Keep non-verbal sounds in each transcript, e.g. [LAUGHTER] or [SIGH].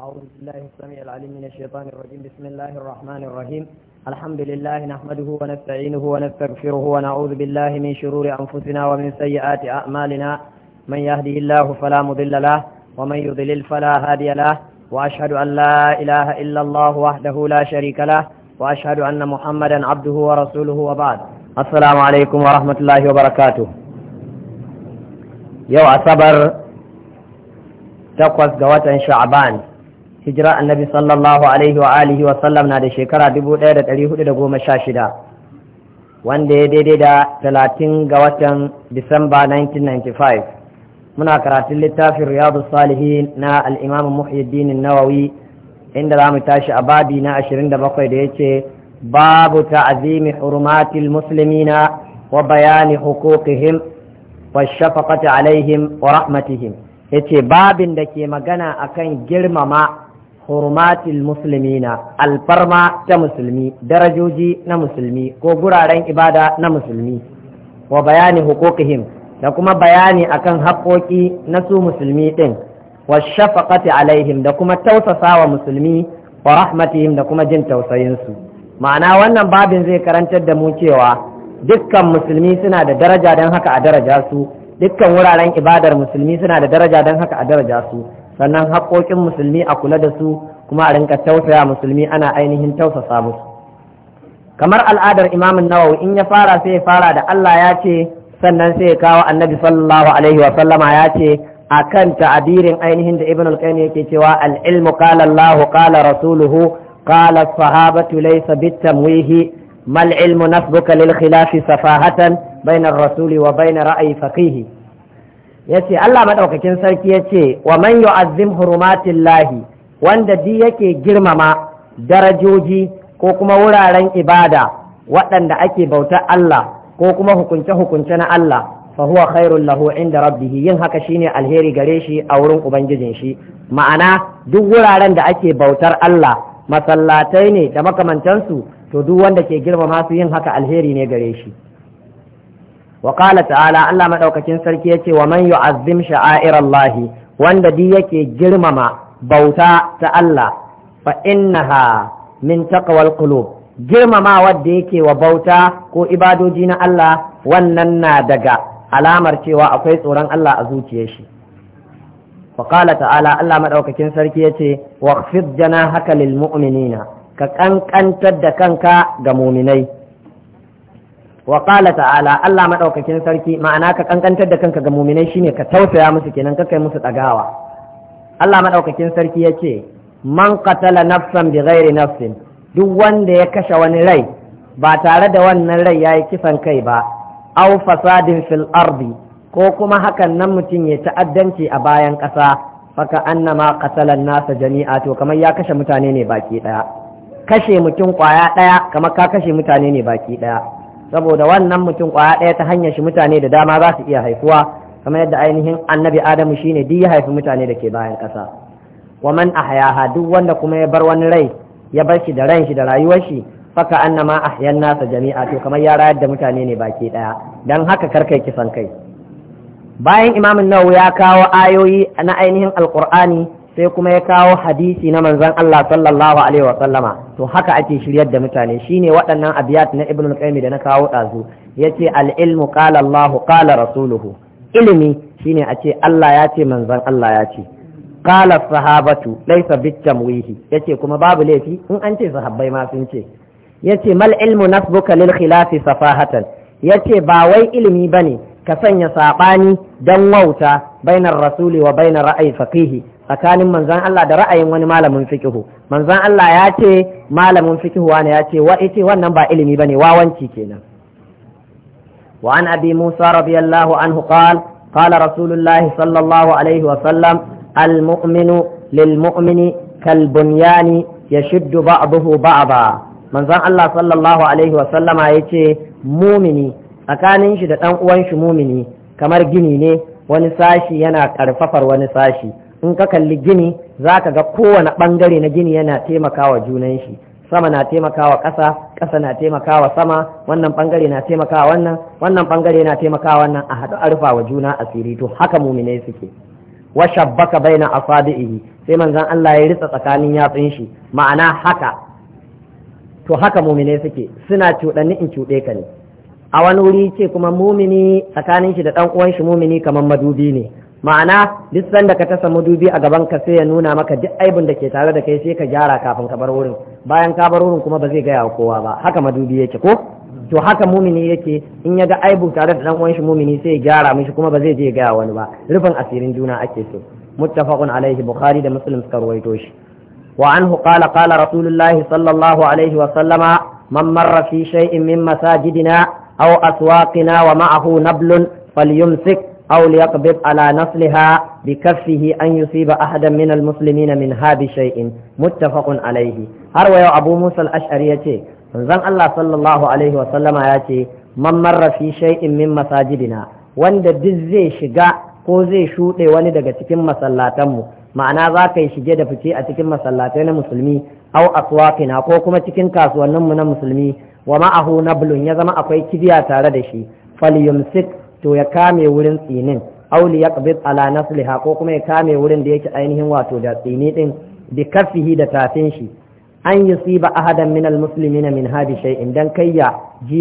أعوذ بالله السميع العليم من الشيطان الرجيم بسم الله الرحمن الرحيم الحمد لله نحمده ونستعينه ونستغفره ونعوذ بالله من شرور أنفسنا ومن سيئات أعمالنا من يهده الله فلا مضل له ومن يضلل فلا هادي له وأشهد أن لا إله إلا الله وحده لا شريك له وأشهد أن محمدا عبده ورسوله وبعد السلام عليكم ورحمة الله وبركاته يوم أصبر تقوى قوة شعبان hijira annabi sallallahu alaihi wa alihi wa sallam na da shekara 1416 wanda ya daidai da 30 ga watan disamba 1995 muna karatun littafin riyadu salihi na al'imam muhyiddin nawawi inda za mu tashi a babi na 27 da ya ce babu ta'azimi hurumatil muslimina wa bayani hukukihim wa shafaqati alaihim wa rahmatihim yace babin da ke magana akan girmama hurumatil muslimina alfarma ta musulmi darajoji na musulmi ko guraren ibada na musulmi wa bayani hukukihim da kuma bayani akan haƙoƙi na su musulmi ɗin wa shafaqati alaihim da kuma tausasawa musulmi wa rahmatihim da kuma jin tausayinsu ma'ana wannan babin zai karantar da mu cewa dukkan musulmi suna da daraja don haka a daraja su dukkan wuraren ibadar musulmi suna da daraja don haka a daraja su sannan haƙoƙin musulmi a kula da su kuma a rinka tausaya musulmi ana ainihin tausasa musu kamar al'adar imamin nawawi in ya fara sai ya fara da Allah ya ce sannan sai ya kawo annabi sallallahu alaihi wa sallama ya ce akan ta'abirin ainihin da ibn al-qayyim yake cewa al-ilmu qala Allah qala rasuluhu qala sahabatu laysa bitamwihi mal ilmu nasbuka lil khilafi safahatan bayna ar-rasuli wa bayna ra'yi faqihi ya ce Allah maɗaukakin sarki ce wa man yu'azzim hurumatillahi wanda di yake girmama darajoji ko kuma wuraren ibada waɗanda ake bauta Allah ko kuma hukunce hukunce na Allah fa huwa khairul lahu inda rabbih yin haka shine alheri gare shi a wurin ubangijin shi ma'ana duk wuraren da ake bautar Allah masallatai ne da makamantansu to duk wanda ke girmama su yin haka alheri ne gare shi wa ta'ala Allah maɗaukakin sarki yace wa man yu'azzim sha'airallahi wanda di yake girmama bauta ta Allah fa innaha min taqwal qulub girmama wadda yake wa bauta ko ibadoji na Allah wannan na daga alamar cewa akwai tsoron Allah a zuciyar shi faƙala ta'ala Allah maɗaukakin sarki ya ce waqfid jana haka lil mu'minina ka ƙanƙantar da kanka ga muminai wa qala ta'ala Allah Maɗaukakin sarki ma'ana ka kankantar da kanka ga mu'minai shine ka tausaya musu kenan ka kai musu ɗagawa. Allah madaukakin sarki ya ce, man qatala nafsan bighairi nafsin duk wanda ya kashe wani rai ba tare da wannan rai yayi kisan kai ba aw fasadin fil ardi ko kuma hakan nan mutum ya ta'addanci a bayan ƙasa faka annama qatalan nasa jami'a to kamar ya kashe mutane ne baki ɗaya, kashe mutum kwaya ɗaya, kamar ka kashe mutane ne baki ɗaya. saboda wannan mutum kwaya ɗaya ta hanyar shi mutane da dama za su iya haifuwa kamar yadda ainihin annabi adamu shine duk ya haifi mutane da ke bayan ƙasa wa man ahyaha duk wanda kuma ya bar wani rai ya bar shi da ran shi da rayuwar shi faka annama ahyan nasa jami'a to kamar ya rayar da mutane ne baki ɗaya dan haka kar karkai kisan kai bayan imamin nawawi ya kawo ayoyi na ainihin alqur'ani sai kuma ya kawo hadisi na manzon Allah sallallahu alaihi wa sallama to haka ake shiryar da mutane shine waɗannan abiyat na ibnu qayyim da na kawo dazu yace al ilmu qala Allah qala rasuluhu ilimi shine a ce Allah ya ce manzan Allah ya ce qala sahabatu laysa bitamwihi yace kuma babu laifi in an ce sahabbai ma sun ce yace mal ilmu nasbuka lil khilafi safahatan yace ba wai ilimi bane ka sanya saɓani don wauta bainar rasuli wa bainar ra'ayi faqihi tsakanin manzon Allah da ra'ayin wani malamin fikihu manzon Allah ya ce malamin fikihu wani ya ce wa ite wannan ba ilimi bane wawanci kenan wa an abi musa radiyallahu anhu qal qala rasulullahi sallallahu alaihi wa sallam al mu'minu lil mu'mini kal bunyani yashuddu ba'dahu ba'da manzon Allah sallallahu alaihi wa sallama yace mumini tsakanin shi da dan uwan shi mumini kamar gini ne wani sashi yana karfafar wani sashi in ka kalli gini za ka ga kowane ɓangare na gini yana taimakawa junan shi sama na taimakawa ƙasa ƙasa na taimakawa sama wannan ɓangare na taimakawa wannan wannan ɓangare na taimakawa wannan a haɗu arfa wa juna asiri to haka muminai suke wa shabbaka baina asabihi sai manzon Allah ya ritsa tsakanin yatsun shi ma'ana haka to haka muminai suke suna cuɗanni in cuɗe ka ne a wani wuri ce kuma mumini tsakanin shi da ɗan uwan shi mumini kamar madubi ne ma'ana duk sanda ka tasa madubi a gaban ka sai ya nuna maka duk aibin da ke tare da kai sai ka gyara kafin ka bar wurin bayan ka bar wurin kuma ba zai gaya wa kowa ba haka madubi yake ko to haka mumini yake in ya ga aibu tare da dan uwan shi mumini sai ya gyara mishi kuma ba zai je gaya wani ba rufin asirin juna ake so muttafaqun alaihi bukhari da muslim suka rawaito shi wa anhu qala qala rasulullah sallallahu alaihi wa sallama man marra fi shay'in min masajidina aw aswaqina wa ma'ahu nablun falyumsik aw liyaqbid ala nasliha bi kaffihi an yusiba ahadan min na min hadi shay'in muttafaqun alayhi har wa yau abu musa al-ash'ari manzon Allah sallallahu alaihi wa sallama yace man marra fi shay'in min masajidina wanda duk zai shiga ko zai shuɗe wani daga cikin masallatanmu ma'ana za ka yi shige da fice a cikin masallatai na musulmi au aswafina ko kuma cikin kasuwanninmu na musulmi wa ma'ahu bulun ya zama akwai kibiya tare da shi Sik. to ya kame wurin tsinin auli ya tsala na nasliha ko kuma ya kame wurin da yake ainihin wato da tsini din bi kafihi da tafin shi an yi yusiba ahadan minal muslimina min hadi shay'in dan kayya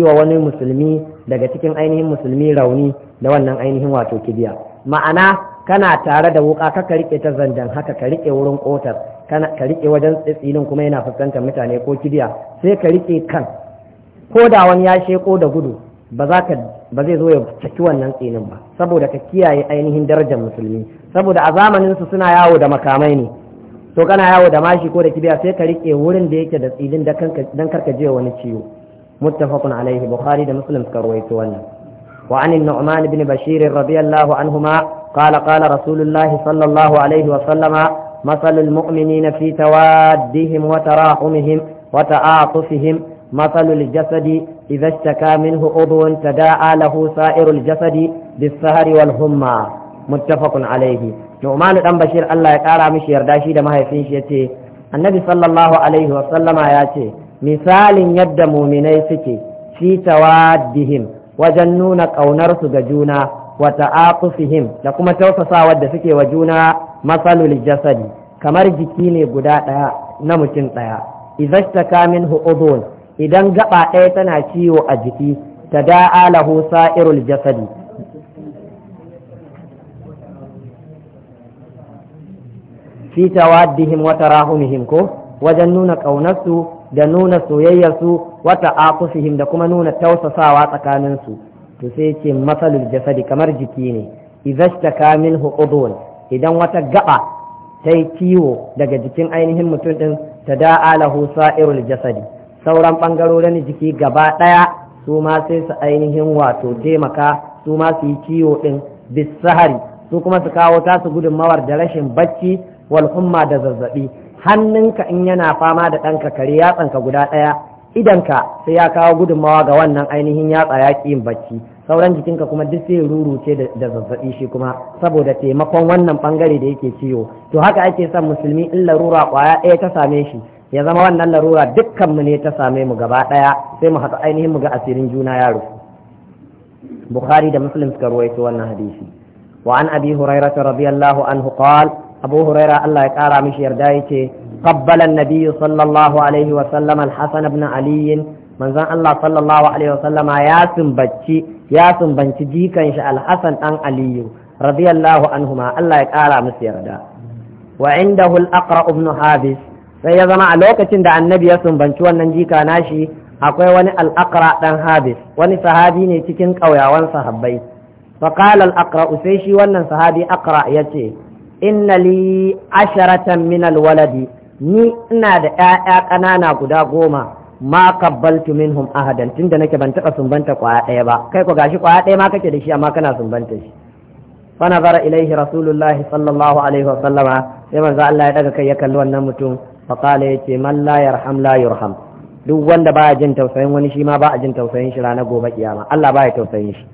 wa wani musulmi daga cikin ainihin musulmi rauni da wannan ainihin wato kibiya ma'ana kana tare da wuka ka rike ta zandan haka ka rike wurin kotar ka rike wajen tsitsinin kuma yana fuskantar mutane ko kibiya sai ka rike kan ko da wani ya sheko da gudu ba za ka ba zai zo ya caki wannan tsinin ba saboda ka kiyaye ainihin darajar musulmi saboda a zamanin su suna yawo da makamai ne to kana yawo da mashi ko da kibiya sai ka rike wurin da yake da tsinin da kanka dan karka je wani ciwo muttafaqun alaihi bukhari da muslim suka rawaito wannan wa an nu'man ibn bashir radiyallahu anhuma qala qala rasulullahi sallallahu alaihi wa sallama مثل المؤمنين في توادهم وتراحمهم وتعاطفهم مثل الجسد إذا اشتكى منه عضو تداعى له سائر الجسد بالسهر والهمة متفق عليه نعمان دان بشير الله يقارى مش يرداشي دما هيفين شيتي النبي صلى الله عليه وسلم ياتي مثال يد مؤمني سكي في توادهم وجنون قونرس جونا وتعاطفهم لكم توسسا ود سكي وجونا مثل الجسد kamar jiki ne guda ɗaya na mutum ɗaya idza ishtaka minhu udhun idan gaba ɗaya tana ciwo a jiki ta da'a lahu sa'irul jasadi fi tawaddihim wa tarahumihim ko wajen nuna ƙaunarsu da nuna soyayyarsu wa ta'aqufihim da kuma nuna tausasawa tsakaninsu to sai ce masalul jasadi kamar jiki ne idhashtaka kamin hukuduwan. idan wata gaba ta yi ciwo daga jikin ainihin mutum ɗin, ta da'a lahu sa'irul jasadi sauran ɓangarorin jiki gaba ɗaya su ma sai su ainihin wato taimaka su ma su yi ciwo ɗin bisahari su kuma su kawo tasu gudunmawar da rashin bacci walhumma da zazzaɓi hannunka in yana fama da ɗanka kare yatsanka guda ɗaya idanka sai ya kawo gudunmawa ga wannan ainihin yatsa ya yin bacci sauran jikinka kuma duk sai ruruce da zazzaɓi shi kuma saboda taimakon wannan ɓangare da yake ciwo to haka ake son musulmi in larura ƙwaya ɗaya ta same shi ya zama wannan larura dukkan mu ne ta same mu gaba ɗaya sai mu haɗu ainihin mu ga asirin juna yaro bukhari da muslim suka ruwaito wannan hadisi wa an abi hurairah radiyallahu anhu qala abu huraira Allah ya kara mishi yarda yake qabbala an-nabiy sallallahu alaihi wa sallam al-hasan ibn ali manzon Allah sallallahu alaihi wa sallama ya sumbaci ya sumbanci jikan shi al-hasan dan ali radiyallahu anhuma Allah ya kara musu yarda wa indahu al-aqra ibn habis sai ya zama a lokacin da annabi ya sumbanci wannan jika nashi akwai wani al'aqra dan habis wani sahabi ne cikin ƙauyawan sahabbai فقال الأقرأ سيشي ونن صحابي أقرأ يتي إن لي عشرة من الولد ni ina da ‘ya'ya ƙanana guda goma ma kabbaltu minhum ahadan tunda nake ban taɓa sumbanta kwaya ɗaya ba kai ko gashi kwaya ɗaya ma kake da shi amma kana sumbanta shi fa nazara ilaihi rasulullahi sallallahu alaihi wa sallama sai manzo Allah ya daga kai ya kalli wannan mutum faƙala ya ce man la yarham la yurham duk wanda ba jin tausayin wani shi ma ba a jin tausayin shi ranar gobe kiyama Allah ba ya tausayin shi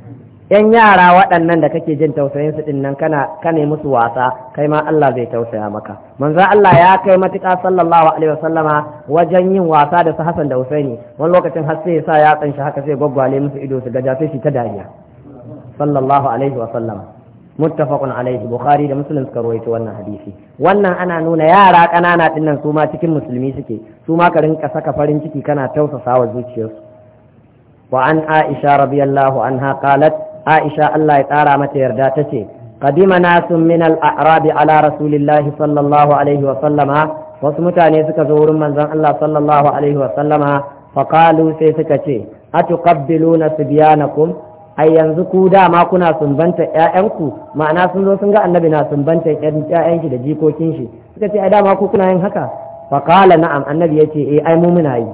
yan yara waɗannan da kake jin tausayin su din nan kana kane musu wasa kai ma Allah zai tausaya maka manzo Allah ya kai matuƙa sallallahu alaihi wasallama wajen yin wasa da su Hassan da Husaini wani lokacin har sai ya sa ya tsanshi haka sai gwaggwale musu ido su gaja sai shi ta dariya sallallahu alaihi wasallama muttafaqun alaihi bukhari da muslim suka rawaito wannan hadisi wannan ana nuna yara kanana dinnan su cikin musulmi suke suma ma ka rinka saka farin ciki kana tausasa wa zuciyarsu wa an aisha radiyallahu anha qalat aisha Allah ya tsara mata yarda tace qadima nasun min al ala rasulillahi sallallahu alaihi wa sallama wasu mutane suka zo wurin manzon Allah sallallahu alaihi wa sallama faqalu sai suka ce atuqabbiluna subyanakum A yanzu ku dama kuna sumbanta ƴaƴanku ma'ana sun zo sun ga annabi na sumbanta ƴaƴan shi da jikokin shi suka ce ai dama ku kuna yin haka fa qala na'am annabi yace eh ai mu muna yi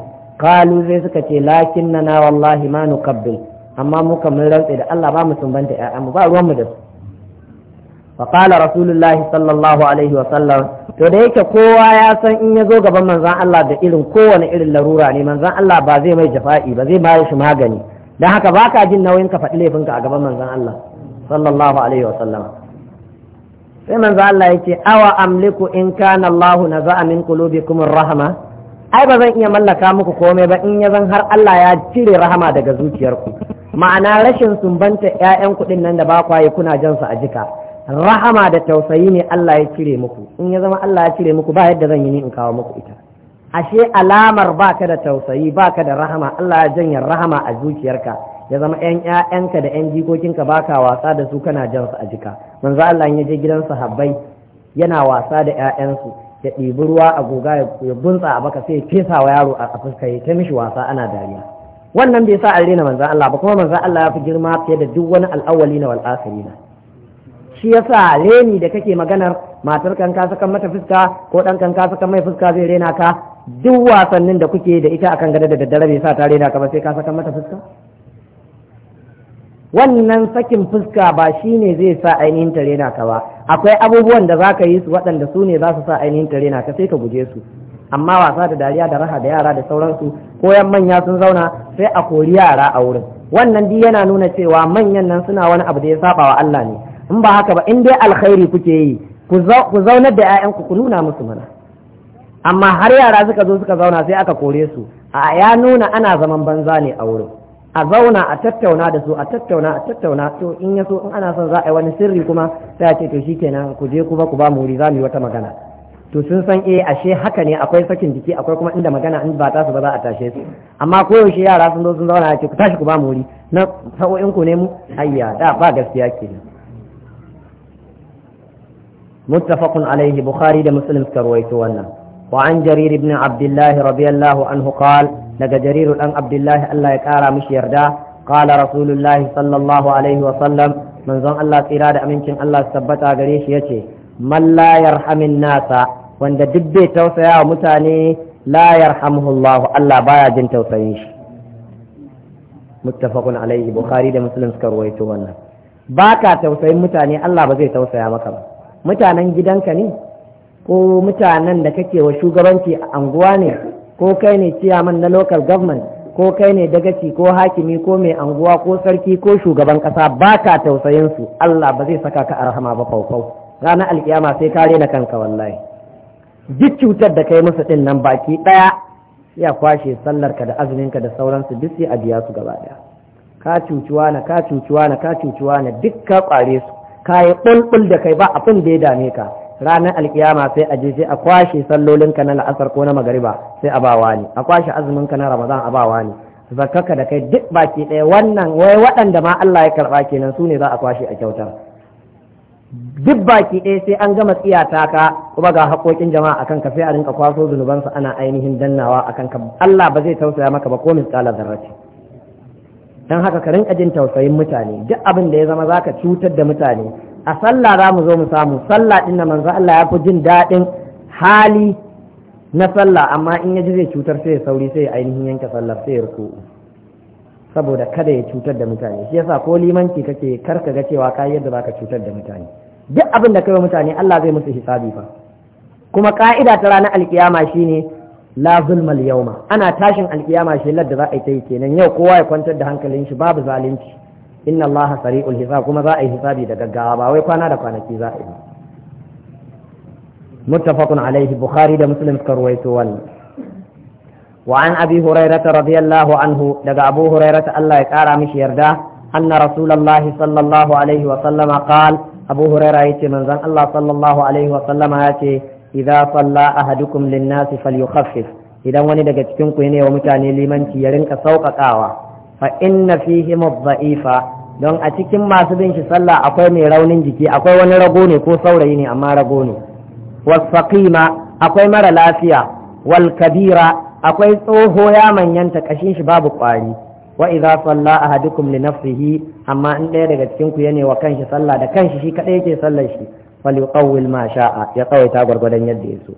qalu zai suka ce na, wallahi ma nukabbil amma mu kan mun rantsa da Allah ba mu sumbanta ƴaƴan ba ruwan mu da su fa qala rasulullahi sallallahu alaihi wa sallam to da yake kowa ya san in ya zo gaban manzon Allah da irin kowane irin larura ne manzon Allah ba zai mai jafa'i ba zai mai shi magani Da haka ba ka jin nauyin ka faɗi laifinka a gaban manzon Allah sallallahu alaihi wa sallama sai manzon Allah ya ce awa amliku in kana Allahu naza'a min qulubikum rahama ai ba zan iya mallaka muku komai ba in ya zan har Allah ya cire rahama daga zuciyarku ma'ana rashin sumbanta ƴaƴan kuɗin nan da ba yi kuna jan su a jika rahama da tausayi ne Allah ya cire muku in ya zama Allah ya cire muku ba yadda zan yi ni in kawo muku ita ashe alamar baka da tausayi baka da rahama Allah ya janya rahama a zuciyarka ya zama ƴan ƴaƴanka da ƴan jikokinka baka wasa da su kana jan su a jika manzo Allah ya je gidan sahabbai yana wasa da ƴaƴansu ya ɗibi ruwa a goga ya buntsa a baka sai ya fesa wa yaro a fuska ya ta mishi wasa ana dariya wannan bai sa a rena manzo Allah ba kuma manzo Allah ya fi girma fiye da duk wani na wal akhirina shi yasa reni da kake maganar matar kan ka saka mata fuska ko dan kan ka saka mai fuska zai rena ka duk wasannin da kuke da ita akan gada da daddare bai sa tare da ka ba sai ka saka mata fuska wannan sakin fuska ba shi ne zai sa ainihin tare na ka ba akwai abubuwan da za ka yi su waɗanda su ne za su sa ainihin tare na ka sai ka guje su amma wasa da dariya da raha da yara da sauransu koyan manya sun zauna sai a kori yara a wurin wannan duk yana nuna cewa manyan nan suna wani abu da ya saba wa Allah ne in ba haka ba in dai alkhairi kuke yi ku zaunar da 'ya'yanku ku nuna musu mana amma har yara suka zo suka zauna sai aka kore su a ya nuna ana zaman banza ne a wurin a zauna a tattauna da su a tattauna a tattauna to in ya so in ana son za a yi wani sirri kuma sai a ce to shikenan ku je kuma ku ba mu wuri za mu yi wata magana to sun san eh ashe haka ne akwai sakin jiki akwai kuma inda magana in ba ta su ba za a tashe su amma koyaushe yara sun zo sun zauna a ce ku tashi ku ba mu wuri na sa'o'in ku ne mu ayya da ba gaskiya ke muttafaqun alaihi bukhari da muslim suka ruwaito wannan وعن جرير بن عبد الله رضي الله عنه قال لك جرير بن عبد الله الله يكارى مش يردا قال رسول الله صلى الله عليه وسلم من زن الله إرادة أمينكم الله سبتا قريش يتي من لا يرحم الناس وان دبي توسيا ومتاني لا يرحمه الله الله بايا جن توسيش متفق عليه بخاري ده مسلم سكر ويتوانا باكا توسيا متاني الله بزي توسيا مكبا متانا جدنك ني ko mutanen da kake wa shugabanci a anguwa ne ko kai ne ciyaman na local government ko kai ne dagaci ko hakimi ko mai anguwa ko sarki ko shugaban kasa ba ka tausayin su Allah ba zai saka ka arhama ba faufau ranar alkiyama sai ka rena kanka wallahi duk cutar da kai musu din nan baki daya ya kwashe sallar ka da azumin ka da sauransu duk sai a biya su gaba daya ka cuciwa na ka cuciwa na ka cuciwa na duk ka kware su ka yi bulbul da kai ba abin da ya dame ka ranar alkiyama sai a je sai a kwashe sallolinka na la'asar ko na magariba sai a ba wani a kwashe ka na ramadan a ba wani zakaka da kai duk baki ɗaya wannan wai waɗanda ma Allah ya karɓa kenan su ne za a kwashe a kyautar duk baki ɗaya sai an gama tsiyata ka kuma ga haƙoƙin jama'a akan ka sai a rinka kwaso zunubansu ana ainihin dannawa akan ka Allah ba zai tausaya maka ba ko da zarrace dan haka ka rinka jin tausayin mutane duk abin da ya zama zaka cutar da mutane a sallah za mu zo mu samu sallah din na manzo Allah ya fi jin daɗin hali na sallah amma in ya ji zai cutar sai ya sauri sai ainihin yanke sallar sai ya ruku saboda kada ya cutar da mutane shi yasa ko limanci kake kar ka ga cewa kayi yadda baka cutar da mutane duk abin da kai mutane Allah zai musu hisabi fa kuma ka'ida ta ranar alkiyama shine la zulmal yauma ana tashin alkiyama shi ladda za a yi ta yi kenan yau kowa ya kwantar da hankalin shi babu zalunci inna allaha sari'ul hisab kuma za a yi hisabi da gaggawa ba wai kwana da kwanaki za a yi muttafaqun alaihi bukhari da muslim suka ruwaito wannan wa an abi hurairata radiyallahu anhu daga abu hurairata Allah ya kara mishi yarda anna rasulullahi sallallahu alaihi wa sallama qala abu hurairah yace manzon Allah sallallahu alaihi wa sallama yace idza salla ahadukum lin-nasi falyukhaffif idan wani daga cikin ku ne wa mutane limanci ya rinka sauƙaƙawa fa inna fihi mudhaifa don a cikin masu bin shi sallah akwai mai raunin jiki akwai wani rago ne ko saurayi ne amma rago ne faqima akwai mara lafiya wal kabira akwai tsoho ya manyanta kashin shi babu kwari wa idza salla ahadukum li nafsihi amma in ɗaya daga cikin ku yana wa kanshi sallah da kanshi shi kadai yake sallar shi falyuqawwil ma sha'a ya tsawaita gwargwadon yadda ya so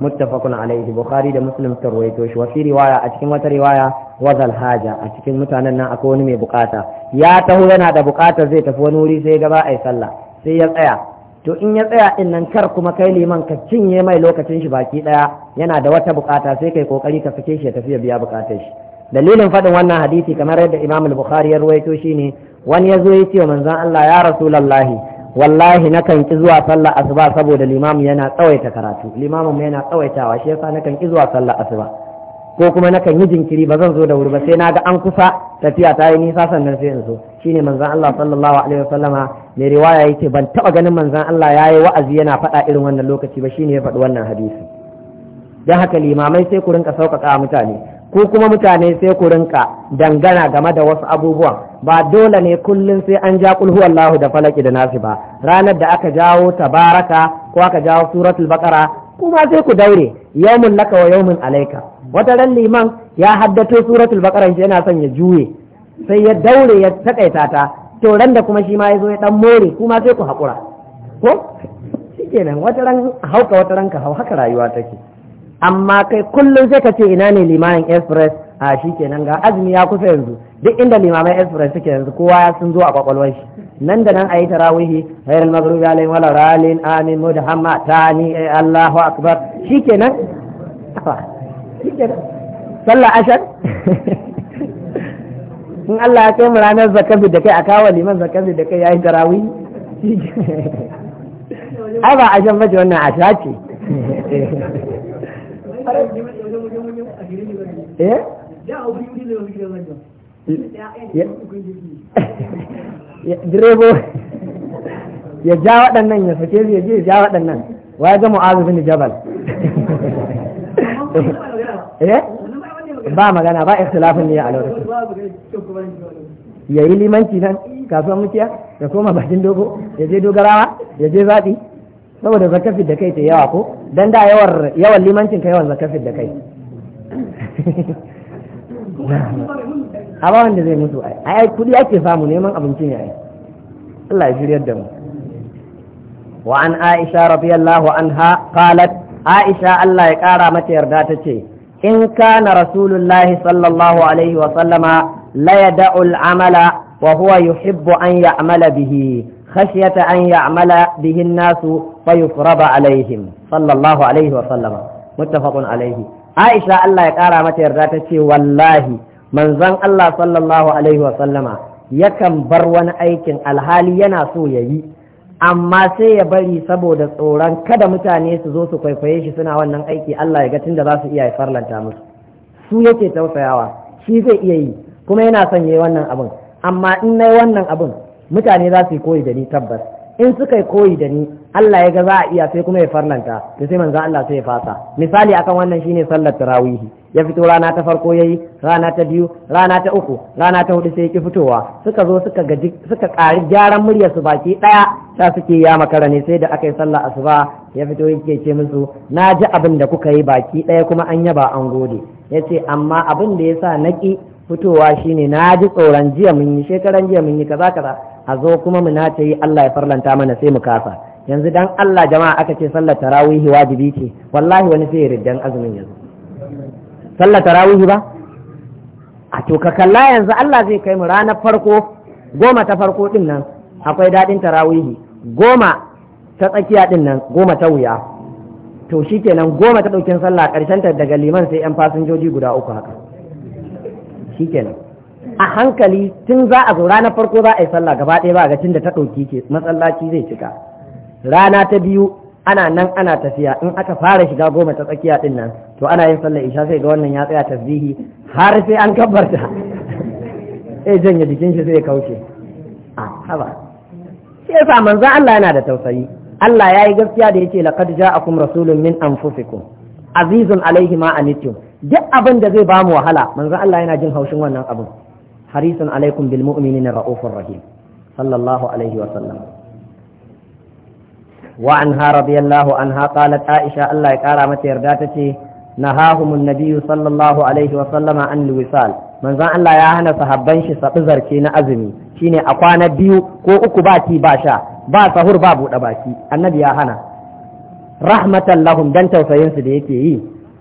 muttafaqun alaihi bukhari da muslim ta ruwaito shi wa riwaya a cikin wata riwaya wazal haja a cikin mutanen nan akwai wani mai bukata ya taho yana da bukatar zai tafi wani wuri sai gaba ai sallah sai ya tsaya to in ya tsaya din nan kar kuma kai liman ka cinye mai lokacin shi baki daya yana da wata bukata sai kai kokari ka sake shi ya tafi ya biya bukatar shi dalilin faɗin wannan hadisi kamar yadda imam al-bukhari ya rawaito shine wani ya zo ya ce wa manzon Allah ya rasulullahi wallahi nakan ki zuwa sallar asuba saboda limamu yana tsawaita karatu limamin yana tsawaitawa shi yasa nakan ki zuwa sallar asuba ko kuma nakan yi jinkiri ba zan zo da wuri ba sai na ga an kusa tafiya ta yi nisa sannan sai in zo shine manzon Allah sallallahu alaihi wasallama mai riwaya yake ban taba ganin manzon Allah yayi wa'azi yana faɗa irin wannan lokaci ba shine ya faɗi wannan hadisi dan haka limamai sai ku rinka sauƙaƙa mutane ko kuma mutane sai ku rinka dangana game da wasu abubuwan ba dole ne kullum sai an ja kulhu Allahu da falaki da nasi ba ranar da aka jawo tabaraka ko aka jawo suratul baqara kuma sai ku daure yawmun laka wa yawmun alaika wata ran liman ya haddato suratul baqara shi yana son ya juye sai ya daure ya takaita ta to ran da kuma shi ma yazo ya dan more kuma sai ku hakura ko shikenan wata ran hauka wata ran ka hau haka rayuwa take amma kai kullum sai ka ce ina ne limamin express a shi kenan ga azumi ya kusa yanzu duk inda limamin express suke yanzu kowa ya sun zo a kwakwalwar shi nan da nan a yi tarawihi hayar maghribi alayhi wala ralin amin mu da mudhamma tani e, allahu akbar shi kenan sallah ashar [LAUGHS] in Allah ya kai mu ranar zakabi da kai a kawo liman zakabi da kai ya yi tarawihi [LAUGHS] ai ba ashar bace wannan ashar ce [LAUGHS] Eh? direbo ya ja waɗannan ya sake su ya je ya ja waɗannan wa ya ga azu bin jabal [LAUGHS] eh? ba magana ba ikhtilafin ne a lokacin ya yi limanci nan kasuwan mukiya ya koma bakin dogo ya je dogarawa ya je zaɓi saboda zakafin da kai ta yawa ko dan da yawar yawan limancin ka yawan zakafin da kai [LAUGHS] amma wanda zai mutu ai kudi ake samu neman abinci ne ai Allah ya shiryar da mu wa an Aisha radiyallahu anha qalat Aisha Allah ya kara mata yarda ce, in kana rasulullahi sallallahu alaihi wa sallama la yada'u al-amala wa huwa yuhibbu an ya'mala bihi خشية أن يعمل به الناس فيفرض عليهم صلى الله عليه وسلم متفق عليه عائشة الله يقارى متى يرداتك والله من زن الله صلى الله عليه وسلم yakan bar wani aikin alhali yana so ya yi amma sai ya bari saboda tsoron kada mutane su zo su kwaikwaye shi suna wannan aiki Allah ya ga tunda za su iya farlanta musu su yake tausayawa shi zai iya yi kuma yana son yayi wannan abin amma in nayi wannan abin mutane za su yi koyi da ni tabbas in suka yi koyi da ni Allah ya ga za a iya sai kuma ya farnanta, to sai manzo Allah sai ya fasa misali akan wannan shine sallar tarawihi ya fito rana ta farko yayi rana ta biyu rana ta uku rana ta hudu sai ki fitowa suka zo suka gaji suka ƙari gyaran muryar su baki daya sai suke ya makara ne sai da aka yi sallar asuba ya fito yake ce musu na ji abin da kuka yi baki daya kuma an yaba an gode yace amma abin da yasa naki fitowa shine na ji tsoron jiya mun yi shekaran jiya mun yi kaza kaza a zo kuma mu nace yi Allah ya farlanta mana sai mu kasa yanzu dan Allah jama'a aka ce sallar tarawihi wajibi ce wallahi wani sai riddan azumin yanzu sallar tarawihi ba a to ka kalla yanzu Allah zai kai mu ranar farko goma ta farko din nan akwai dadin tarawihi goma ta tsakiya din nan goma ta wuya to shikenan goma ta daukin sallah karshen ta daga liman sai yan fasinjoji guda uku haka shikenan a hankali tun za a zo ranar farko za a yi sallah gaba ɗaya ba ga cin da ta ɗauki ke masallaci zai cika rana ta biyu ana nan ana tafiya in aka fara shiga goma ta tsakiya ɗin nan to ana yin sallar isha sai ga wannan ya tsaya tasbihi har sai an kabbarta eh [LAUGHS] janye jikin shi sai kauce a haba shi yasa manzo Allah yana da tausayi Allah yayi gaskiya da yace laqad ja'akum rasulun min anfusikum azizun alaihi ma anittum duk abin da zai bamu wahala manzo Allah yana jin haushin wannan abin harisun alaikum bil mu'minina rahim sallallahu alaihi wa sallam wa anha radiyallahu anha qalat aisha Allah ya kara mata yarda tace nahahum an-nabiy sallallahu alaihi wa sallama an wisal manzon Allah ya hana sahabban shi sabi zarce na azumi shine a kwana biyu ko uku ba ti ba sha ba sahur ba buɗe baki annabi ya hana rahmatan lahum dan tausayin su da yake yi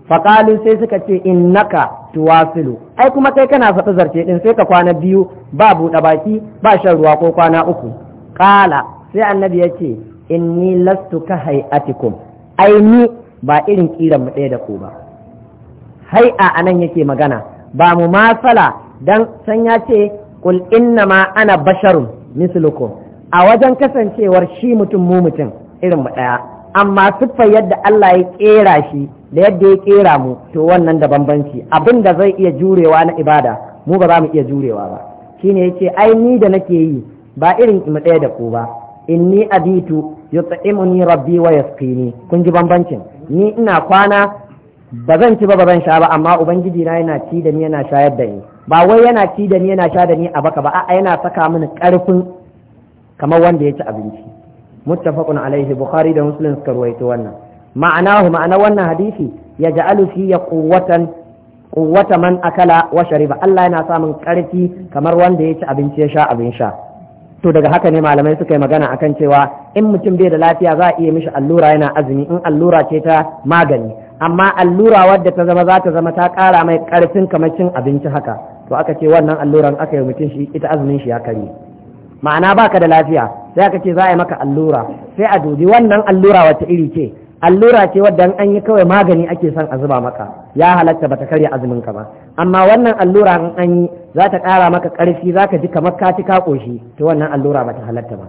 faqalu sai suka ce in innaka tuwasilu ai kuma kai kana faɗi zarce ɗin sai ka kwana biyu ba buɗe baki ba shan ruwa ko kwana uku kala sai annabi ya ce inni lastu ka hay'atikum ai ni ba irin kiran mu ɗaya da ku ba hai'a anan yake magana ba mu masala dan san ya ce kul innama ana basharun mislukum a wajen kasancewar shi mutum mu mutum irin mu ɗaya amma siffar yadda Allah ya kera shi da yadda ya kera mu to wannan da bambanci abin da zai iya jurewa na ibada mu ba za mu iya jurewa ba shine yace ai ni da nake yi ba irin in ɗaya da ku ba inni abitu yut'imuni rabbi wa yasqini kun ji bambancin ni ina kwana ba zan ci ba ba zan sha ba amma ubangiji na yana ci da ni yana shayar da ni ba wai yana ci da ni yana sha da ni a baka ba a'a yana saka mini karfin kamar wanda ya ci abinci muttafaqun alaihi bukhari da muslim suka ruwaito wannan ma'anahu ma'ana wannan hadisi ya ja'alu fiya quwwatan quwwata man akala wa shariba Allah yana samun karfi kamar wanda ya ci abinci ya sha abin sha to daga haka ne malamai suka yi magana akan cewa in mutum bai da lafiya za a iya mishi allura yana azumi in allura ce ta magani amma allura wadda ta zama za ta zama ta kara mai karfin kamar cin abinci haka to aka ce wannan alluran aka yi mutum shi ita azumin shi ya karye ma'ana baka da lafiya sai aka ce za a yi maka allura sai a dubi wannan allura wata iri ce allura ce wadda an yi kawai magani ake son a zuba maka ya halatta bata karya azumin ka ba amma wannan allura in an yi za ta ƙara maka ƙarfi za ka ji kamar ka ci ka ƙoshi to wannan allura bata halatta ba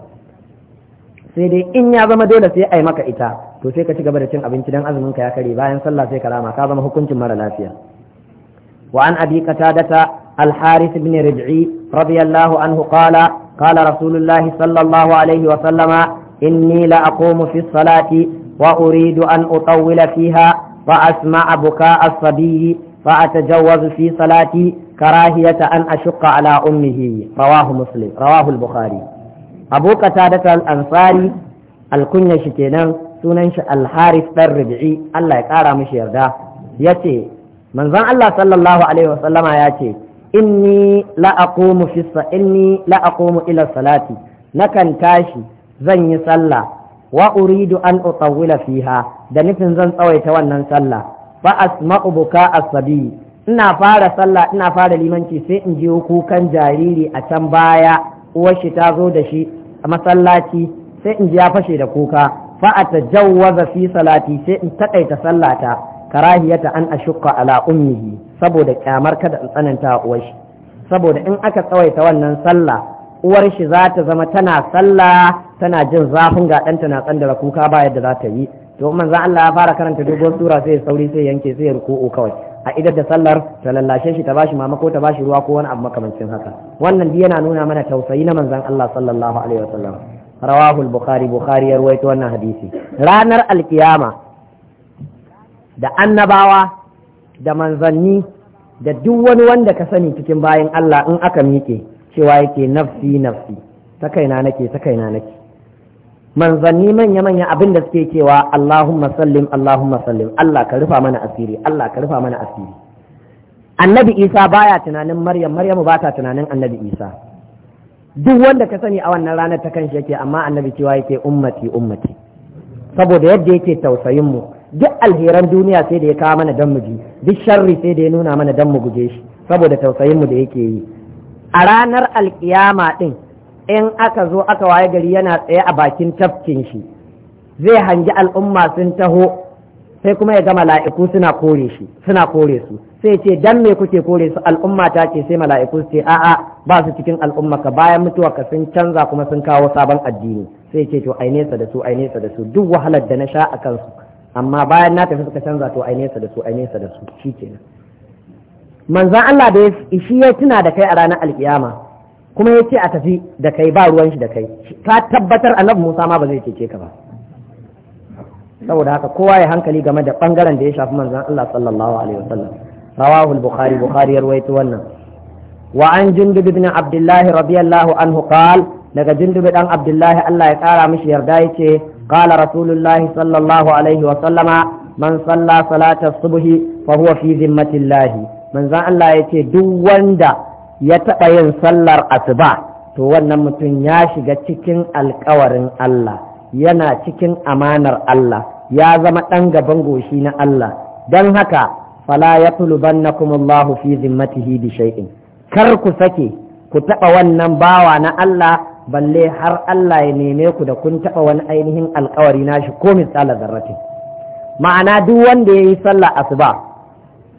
sai dai in ya zama dole sai a yi maka ita to sai ka ci gaba da cin abinci dan azumin ka ya kare bayan sallah sai ka rama ka zama hukuncin mara lafiya wa an abi qatadata al harith ibn rib'i radiyallahu anhu qala قال رسول الله صلى الله عليه وسلم إني لأقوم في الصلاة وأريد أن أطول فيها وأسمع بكاء الصبي فأتجوز في صلاتي كراهية أن أشق على أمه رواه مسلم رواه البخاري أبو قتادة الأنصاري الكنية شكينا sunan shi alharif ɗan rabi'i Allah ya ƙara mishi yarda ya ce manzon Allah sallallahu alaihi wasallama ya ce inni la aqumu fi inni la aqumu ila salati nakan tashi zan yi sallah wa uridu an utawwila fiha da nufin zan tsawaita wannan sallah fa asma'u buka asabi ina fara sallah ina fara limanci sai in ji kukan jariri a can baya uwar shi ta zo da shi a masallaci sai in ji ya fashe da kuka fa atajawwaza fi salati sai in takaita sallata karahiyata an ashqa ala ummihi saboda kyamar kada in tsananta uwar shi saboda in aka tsawaita wannan sallah uwar shi za ta zama tana sallah tana jin zafin ga ɗanta na tsandara kuka ba yadda za ta yi to manzo Allah ya fara karanta dogon sura sai sauri sai yanke sai ruku'u kawai a idar da sallar ta lallashe shi ta bashi mama ko ta bashi ruwa ko wani abu makamancin haka wannan dai yana nuna mana tausayi na manzon Allah sallallahu alaihi wasallam rawahu al-bukhari bukhari ya ruwaito wannan hadisi ranar alkiyama da annabawa da manzanni da duk wani wanda ka sani cikin bayan Allah in aka miƙe cewa yake nafsi nafsi ta kaina nake ta kaina nake manzanni manya manya abin da suke cewa Allahumma sallim Allahumma sallim Allah ka rufa mana asiri Allah ka rufa mana asiri annabi Isa baya tunanin Maryam Maryamu ba ta tunanin annabi Isa duk wanda ka sani a wannan ranar ta kanshi yake amma annabi cewa yake ummati ummati saboda yadda yake tausayin mu duk alheran duniya sai da ya kawo mana don mu ji duk sharri sai da ya nuna mana dan mu guje shi saboda tausayin mu da yake yi a ranar alkiyama din in aka zo aka waye gari yana tsaye a bakin tafkin shi zai hangi al'umma sun taho sai kuma ya ga mala'iku suna kore shi suna kore su sai ce dan me kuke kore su al'umma ta ce sai mala'iku su ce a'a ba su cikin al'umma ka bayan mutuwa ka sun canza kuma sun kawo sabon addini sai ce to ai nesa da su ai nesa da su duk wahalar da na sha a kansu amma bayan na tafi suka canza to ainesa da su ainesa da su shi kenan manzan Allah da shi ya tuna da kai a ranar alkiyama kuma ya ce a tafi da kai ba ruwan shi da kai ta tabbatar annabi Musa ma ba zai cece ka ba saboda haka kowa ya hankali game da bangaren da ya shafi manzan Allah sallallahu alaihi wasallam rawahu al-bukhari bukhari ya rawaito wannan wa an jundub ibn abdullah radiyallahu anhu qala daga jundub dan abdullah Allah ya kara mishi yarda yace قال رسول الله صلى الله عليه وسلم من صلى صلاة الصبح فهو في ذمة الله من ذا الله يتي دو وندا يتقين صلى الأصبع تو wannan mutum ya shiga cikin alƙawarin Allah yana cikin amanar Allah ya zama ɗan gaban goshi na Allah don haka fala ya tulubannakum Allahu fi zimmatihi bi shay'in kar ku sake ku taɓa wannan bawa na Allah balle har Allah ya neme ku da kun taɓa wani ainihin alkawari shi ko misala zarrati ma'ana duk wanda ya yi sallah asuba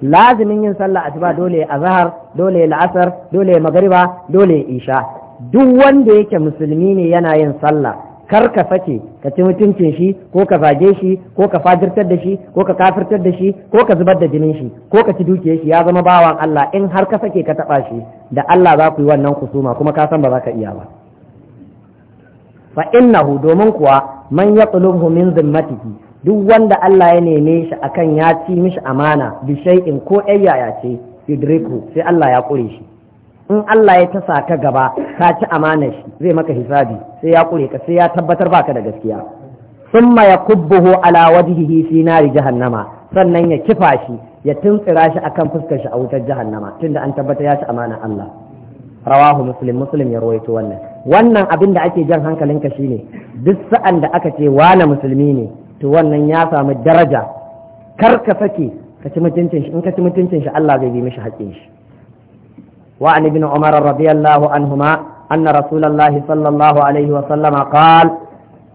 lazimin yin sallah asuba dole a zahar dole ya la'asar dole ya magariba dole ya isha duk wanda yake musulmi ne yana yin sallah kar ka sake ka ci mutuncin shi ko ka zage shi ko ka fajirtar da shi ko ka kafirtar da shi ko ka zubar da jinin shi ko ka ci dukiyar shi ya zama bawan Allah in har ka sake ka taɓa shi da Allah za ku yi wannan kusuma kuma ka san ba za ka iya ba fa innahu domin kuwa man yaqluhu min zimmatihi duk wanda Allah ya neme shi akan ya ci mishi amana bi shay'in ko ya ce idriku sai Allah ya kure shi in Allah ya tasa ka gaba ka ci amanar shi zai maka hisabi sai ya kure ka sai ya tabbatar baka da gaskiya summa yakubbuhu ala wajhihi fi nari jahannama sannan ya kifa shi ya tuntsira shi akan fuskar shi a wutar jahannama tunda an tabbata ya ci amana Allah rawahu muslim muslim ya rawaito wannan wannan abin da ake jan hankalinka shine duk sa'an da aka ce wane musulmi ne to wannan ya samu daraja kar ka sake ka ci mutuncin shi in ka ci mutuncin shi Allah zai bi mishi haƙƙin shi wa an ibn umar radiyallahu anhuma anna rasulullahi sallallahu alaihi wa sallama qala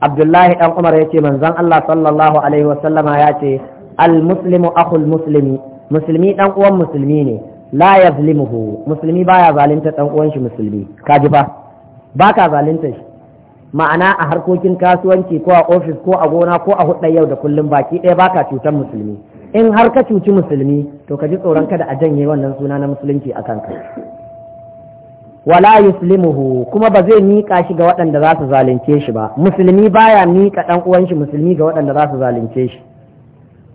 abdullahi dan umar yace manzon Allah sallallahu alaihi wa sallama yace al muslimu akhul muslimi musulmi dan uwan musulmi ne la yazlimuhu musulmi baya zalunta dan uwan shi musulmi kaji fa ba ka zalunta shi ma'ana a harkokin kasuwanci ko a ofis ko a gona ko a huɗa yau da kullum baki ɗaya ba ka cutar musulmi in har ka cuci musulmi to ka ji tsoron kada a janye wannan suna na musulunci a kanka wala yuslimuhu kuma ba zai miƙa shi ga waɗanda za su zalunce shi ba musulmi baya miƙa ɗan uwan shi musulmi ga waɗanda za su zalunce shi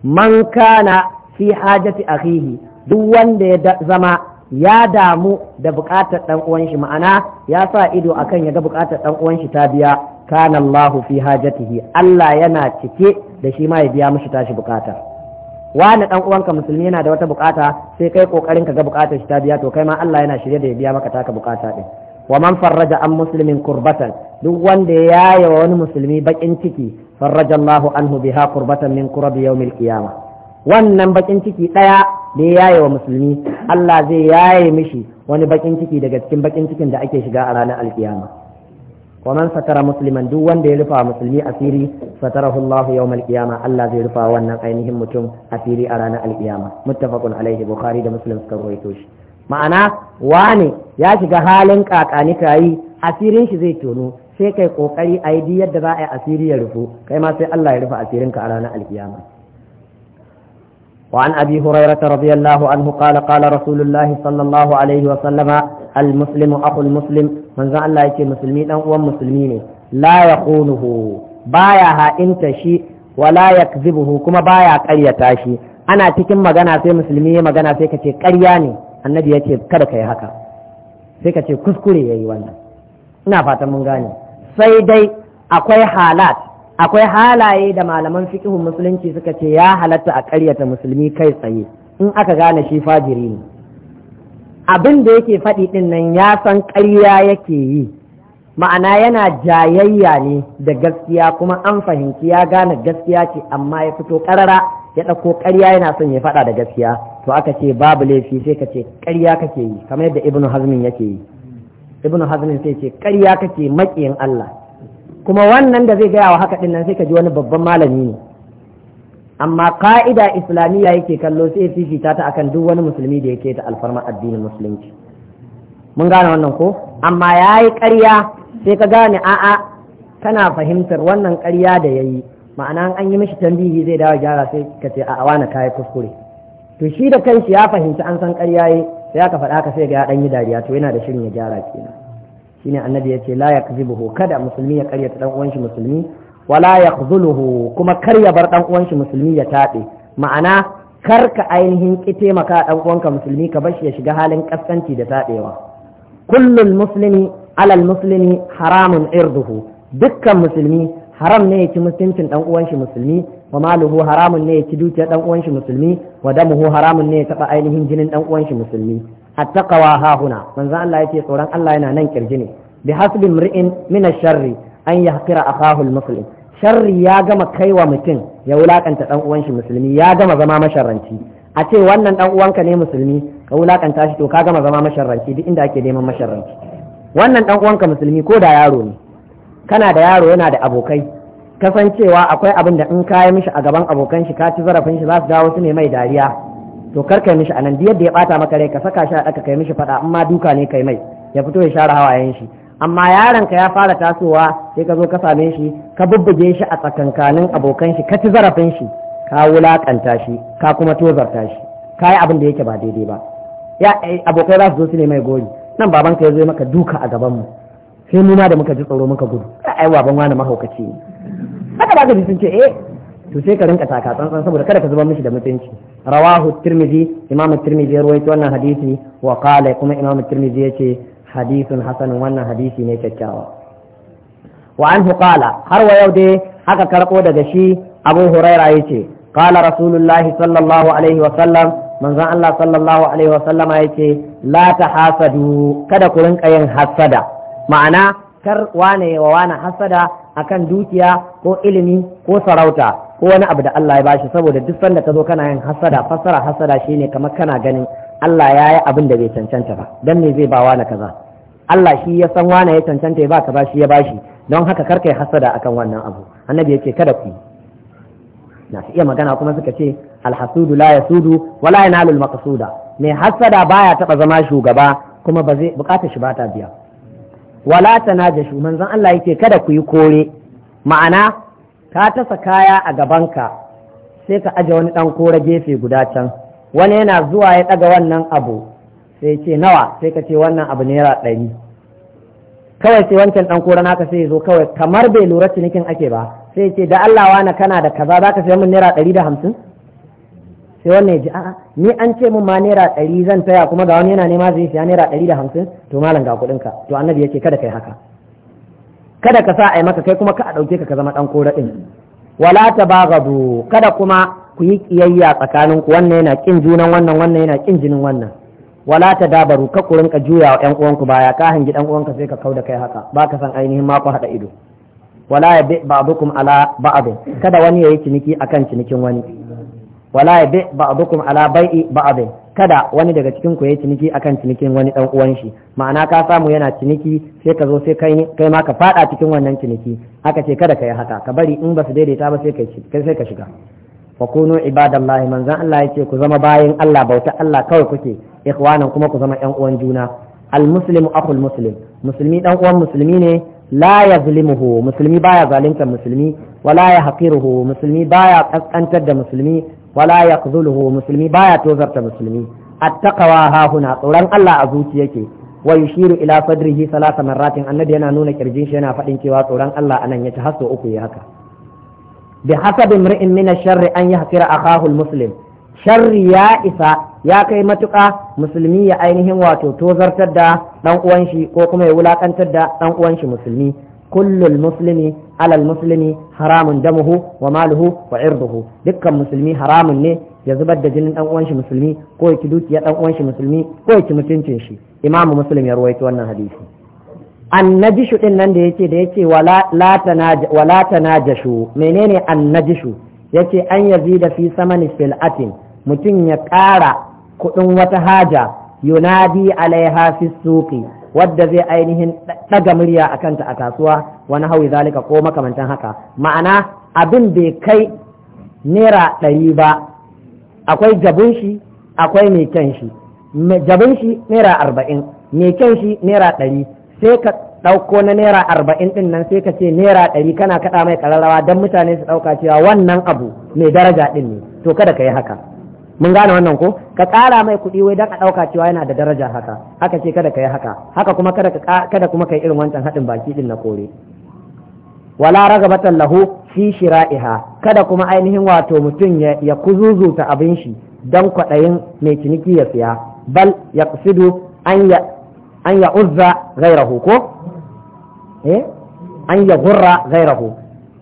man kana fi hajati akhihi duk wanda ya zama ya damu da bukatar dan uwan shi ma'ana ya sa ido akan ya ga bukatar dan uwan shi ta biya kana Allahu fi hajatihi Allah yana cike da shi ma ya biya mishi tashi bukata wani dan uwanka musulmi yana da wata bukata sai kai kokarin ka ga bukatar shi ta biya to kai ma Allah yana shirye da ya biya maka taka bukata din wa man farraja an muslimin kurbatan duk wanda ya yaya wa wani musulmi bakin ciki farraja Allahu anhu biha kurbatan min kurabi yawmil qiyamah wannan bakin ciki daya da ya yaye wa musulmi Allah zai yaye mishi wani bakin ciki daga cikin bakin cikin da ake shiga a ranar alkiyama wa man satara musliman duk wanda ya rufa musulmi asiri satarahu Allah yawm alkiyama Allah zai rufa wannan ainihin mutum asiri a ranar alkiyama muttafaqun alaihi bukhari da muslim suka rawaito shi ma'ana wane ya shiga halin kakani kayi asirin shi zai tono sai kai kokari a yi yadda za a yi asiri ya rufu kai ma sai Allah ya rufe asirinka a ranar alkiyama وعن أبي هريرة رضي الله عنه قال قال رسول الله صلى الله عليه وسلم المسلم أخو المسلم من زعل الله يكي مسلمين أو مسلمين لا يخونه بايا ها انت شيء ولا يكذبه كما بايا قرية تاشي أنا تكم مغانا في مسلمية مغانا في كتي قرياني النبي يكي كدك يا هكا في كتي كسكري يا يوانا ina fatan mun gane sai dai akwai halat akwai halaye da malaman fikihun musulunci suka ce ya halatta a ƙaryata musulmi kai tsaye in aka gane shi fajiri ne abin da yake faɗi ɗin nan ya san ƙarya yake yi ma'ana yana jayayya ne da gaskiya kuma an fahimci ya gane gaskiya ce amma ya fito ƙarara ya ɗauko ƙarya yana son ya faɗa da gaskiya to aka ce babu laifi sai ka ce ƙarya kake yi kamar yadda ibnu hazmin yake yi ibnu hazmin sai ce ƙarya kake maƙiyin Allah kuma wannan da zai gaya wa haka din nan sai ka ji wani babban malami ne amma ka'ida islamiyya yake kallo sai fifita ta akan duk wani musulmi da yake ta alfarma addinin musulunci mun gane wannan ko amma yayi ƙarya sai ka gane a'a kana fahimtar wannan ƙarya da yayi ma'ana an yi mishi tambihi zai dawo gyara sai ka ce a'a wani kai kuskure to shi da kanshi ya fahimci an san ƙarya yayi sai aka faɗa ka sai ga ya ɗan yi dariya to yana da shirin ya gyara kenan shine annabi yace la yakzibuhu kada musulmi ya karyata dan uwan shi musulmi wala yaqzuluhu kuma kar ya bar dan uwan shi musulmi ya tabe ma'ana kar ka ainihin ki taimaka dan uwanka musulmi ka bashi ya shiga halin kaskanci da tabewa kullul muslimi alal muslimi haramun irduhu dukkan musulmi haram ne ya ci mutuncin dan uwan shi musulmi wa maluhu haramun ne ya ci dukiyar dan uwan shi musulmi wa damuhu haramun ne ya taba ainihin jinin dan uwan shi musulmi attaqwa ha huna manzo Allah yake tsoron Allah yana nan kirji ne bi hasbi mri'in min ash-sharri an yahqira akahu al-muslim sharri ya gama kaiwa mutum ya wulakanta dan uwan shi musulmi ya gama zama masharranci a ce wannan dan uwanka ne musulmi ka wulakanta shi to ka gama zama masharranci duk inda ake neman masharranci wannan dan uwanka musulmi ko da yaro ne kana da yaro yana da abokai kasancewa akwai abin da in kayi mishi a gaban abokan shi ka ci zarafin shi za su dawo su ne mai dariya to kar kai mishi anan duk yadda ya bata maka rai ka saka shi a daka kai mishi fada amma duka ne kai mai ya fito ya share hawayen shi amma yaron ka ya fara tasowa sai ka zo ka same shi ka bubbuge shi a tsakankanin abokan shi ka ci zarafin shi ka wulakanta shi ka kuma tozarta shi ka yi abin da yake ba daidai ba ya eh, abokai za su zo su ne mai gori nan baban ka ya zo maka duka a gaban mu sai mu da muka ji tsoro muka gudu ai baban wani mahaukaci ne haka ba ka ji sun ce eh to sai ka rinka taka tsantsan saboda kada ka zuba mishi da mutunci rawahu tirmidhi imam tirmidhi ya rawaito wannan hadisi wa qala kuma imam tirmidhi yace hadithun hasan wannan hadisi ne kyakkyawa wa anhu qala har wa yau dai haka karbo daga shi abu huraira yace qala rasulullahi sallallahu alaihi wa sallam manzon Allah sallallahu alaihi wa sallama yace la tahasadu kada ku rinka yin hasada ma'ana kar wane wa wane hasada akan dukiya ko ilimi ko sarauta ko wani abu da Allah ya bashi saboda duk sanda ka zo kana yin hasada fasara hasada shine kamar kana ganin Allah ya yi abin da bai cancanta ba dan me zai ba wani kaza Allah shi ya san wani ya cancanta ya baka bashi ya bashi don haka kar hasada akan wannan abu annabi yake kada ku na iya magana kuma suka ce alhasudu la yasudu wala yanalu almaqsuda mai hasada baya taba zama shugaba kuma ba zai bukata shi ba ta biya wala tanajashu manzon Allah yake kada ku yi kore ma'ana ka tasa kaya a gabanka sai ka aje wani dan kore gefe guda can wani yana zuwa ya daga wannan abu sai ce nawa sai ka ce wannan abu naira ɗari kawai sai wancan dan kore naka sai zo kawai kamar bai lura cinikin ake ba sai ce da Allah wani kana da kaza zaka saya min naira ɗari da hamsin sai wannan ya ji a'a ni an ce min ma naira ɗari zan taya kuma ga wani yana nema zai siya naira ɗari da hamsin to malam ga kuɗin ka to annabi ya ce kada kai haka kada ka sa a yi maka kai kuma ka a ɗauke ka ka zama ɗan koraɗin wala ta bagadu kada kuma ku yi ƙiyayya tsakanin ku wannan yana ƙin junan wannan wannan yana ƙin jinin wannan wala ta dabaru ka ku rinka juya wa ƴan uwanku baya ka hangi ɗan uwanka sai ka kau da kai haka ba ka san ainihin ma ku haɗa ido wala ya bi ba'dukum ala ba'd kada wani ya yi ciniki akan cinikin wani wala yabi ba'dukum ala bai'i ba'd kada wani daga cikin ku yayi ciniki akan cinikin wani dan uwan shi ma'ana ka samu yana ciniki sai ka zo sai kai kai ma ka fada cikin wannan ciniki aka ce kada kai haka ka bari in ba su daidaita ba sai kai sai ka shiga fa kunu ibadallahi manzan Allah yace ku zama bayin Allah bauta Allah kawai kuke ikhwanan kuma ku zama yan uwan juna al muslimu akhul muslim musulmi dan uwan musulmi ne لا يظلمه مسلمي بايا ظالمت مسلمي ولا musulmi baya بايا da musulmi. wala yaqzuluhu musulmi baya tozarta musulmi attaqwa ha hahuna, tsoron Allah a zuci yake wa yushiru ila sadrihi salasa marratin annabi yana nuna kirjin shi yana faɗin cewa tsoron Allah anan yace hasso uku ya haka bi hasabi mur'in min sharri an yahqira akahu al-muslim sharri ya isa ya kai matuka musulmi ya ainihin wato tozartar da ɗan uwan shi ko kuma ya wulakantar da ɗan uwan shi musulmi kullul muslimi alal muslimi haramun damuhu wa maluhu wa irduhu dukkan musulmi haramun ne ya zubar da jinin dan uwan shi musulmi ko ya ki dukiya dan uwan shi musulmi ko ya ki mutuncin shi imamu muslim ya ruwaito wannan hadisi annajishu din nan da yace da yace wala la tanaja wala tanajashu menene annajishu yace an yazida fi samani filatin. mutum ya ƙara kuɗin wata haja yunadi alaiha fi suqi wadda zai ainihin ɗaga murya a kanta a kasuwa wani hawi zalika ko makamantan haka ma'ana abin bai kai naira ɗari ba akwai jabun shi akwai mai kyan shi jabun shi naira arba'in mai kyan shi naira ɗari sai ka ɗauko na naira arba'in ɗin nan sai ka ce naira ɗari kana kaɗa mai ƙararrawa don mutane su ɗauka cewa wannan abu mai daraja ɗin ne to kada ka yi haka mun gane wannan ko ka ƙara mai kuɗi wai dan a ɗauka cewa yana da daraja haka haka ce kada ka yi haka haka kuma kada ka kada kuma kai irin wancan haɗin baki din na kore wala ragabatan lahu fi shira'iha kada kuma ainihin wato mutum ya, ya kuzuzuta abin shi dan kwaɗayin mai ciniki ya siya bal ya an ya an ya uzza ghairahu ko eh an ya gurra ghairahu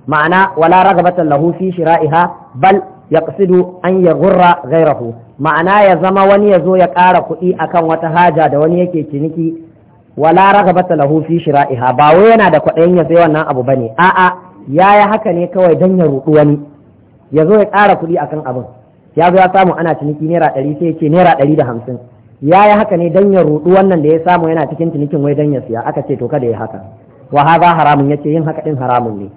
ma'ana wala ragabatan lahu fi shira'iha bal yaqsidu an gurra gairahu ma'ana ya zama wani ya zo ya ƙara kuɗi akan wata haja da wani yake ciniki wala ragabata lahu fi shira'iha ba wai yana da kwaɗayin ya sai wannan abu bane a'a ya yi haka ne kawai don ya ruɗu wani ya zo ya ƙara kuɗi akan abin ya zo ya samu ana ciniki naira ɗari sai ya ce naira ɗari da hamsin Ya yi haka ne don ya ruɗu wannan da ya samu yana cikin cinikin wai dan ya siya aka ce to kada ya haka wa haza haramun ce yin haka ɗin haramun ne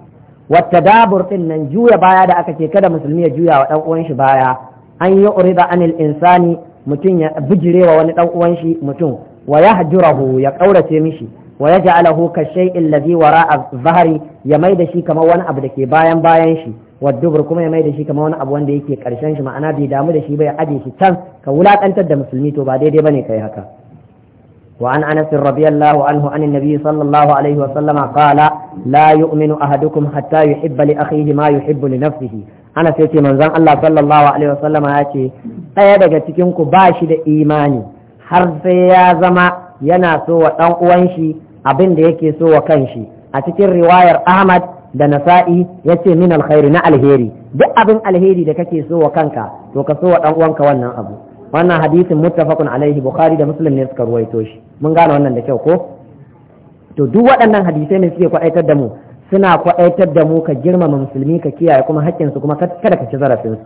wata dabur din nan juya baya da aka ce kada musulmi ya juya wa dan uwan shi baya an yi urida anil insani mutum ya wa wani dan uwan shi mutum wa yahjurahu ya kaurace mishi wa yaj'alahu ka shay'in ladhi wara'a zahari ya maida shi kamar wani abu da ke bayan bayan shi wa dubur kuma ya maida shi kamar wani abu wanda yake karshen shi ma'ana bai damu da shi ba ya aje shi can ka wulakantar da musulmi to ba daidai bane kai haka وعن أنس رضي الله عنه عن النبي صلى الله عليه وسلم قال لا يؤمن أحدكم حتى يحب لأخيه ما يحب لنفسه أنا سيتي من زن الله صلى الله عليه وسلم ba shi da imani har sai ya zama yana so wa ɗan uwan shi abin da yake so wa kanshi a cikin riwayar Ahmad da Nasa'i ya ce min alkhairi na alheri duk abin alheri da kake so wa kanka to ka so wa ɗan uwanka wannan abu wannan hadisin muttafaqun alaihi bukhari da muslim ne suka ruwaito shi mun gane wannan da kyau ko to duk waɗannan hadisai ne suke kwaɗaitar da mu suna kwaɗaitar da mu ka girmama musulmi ka kiyaye kuma su kuma kada ka ci zarafinsu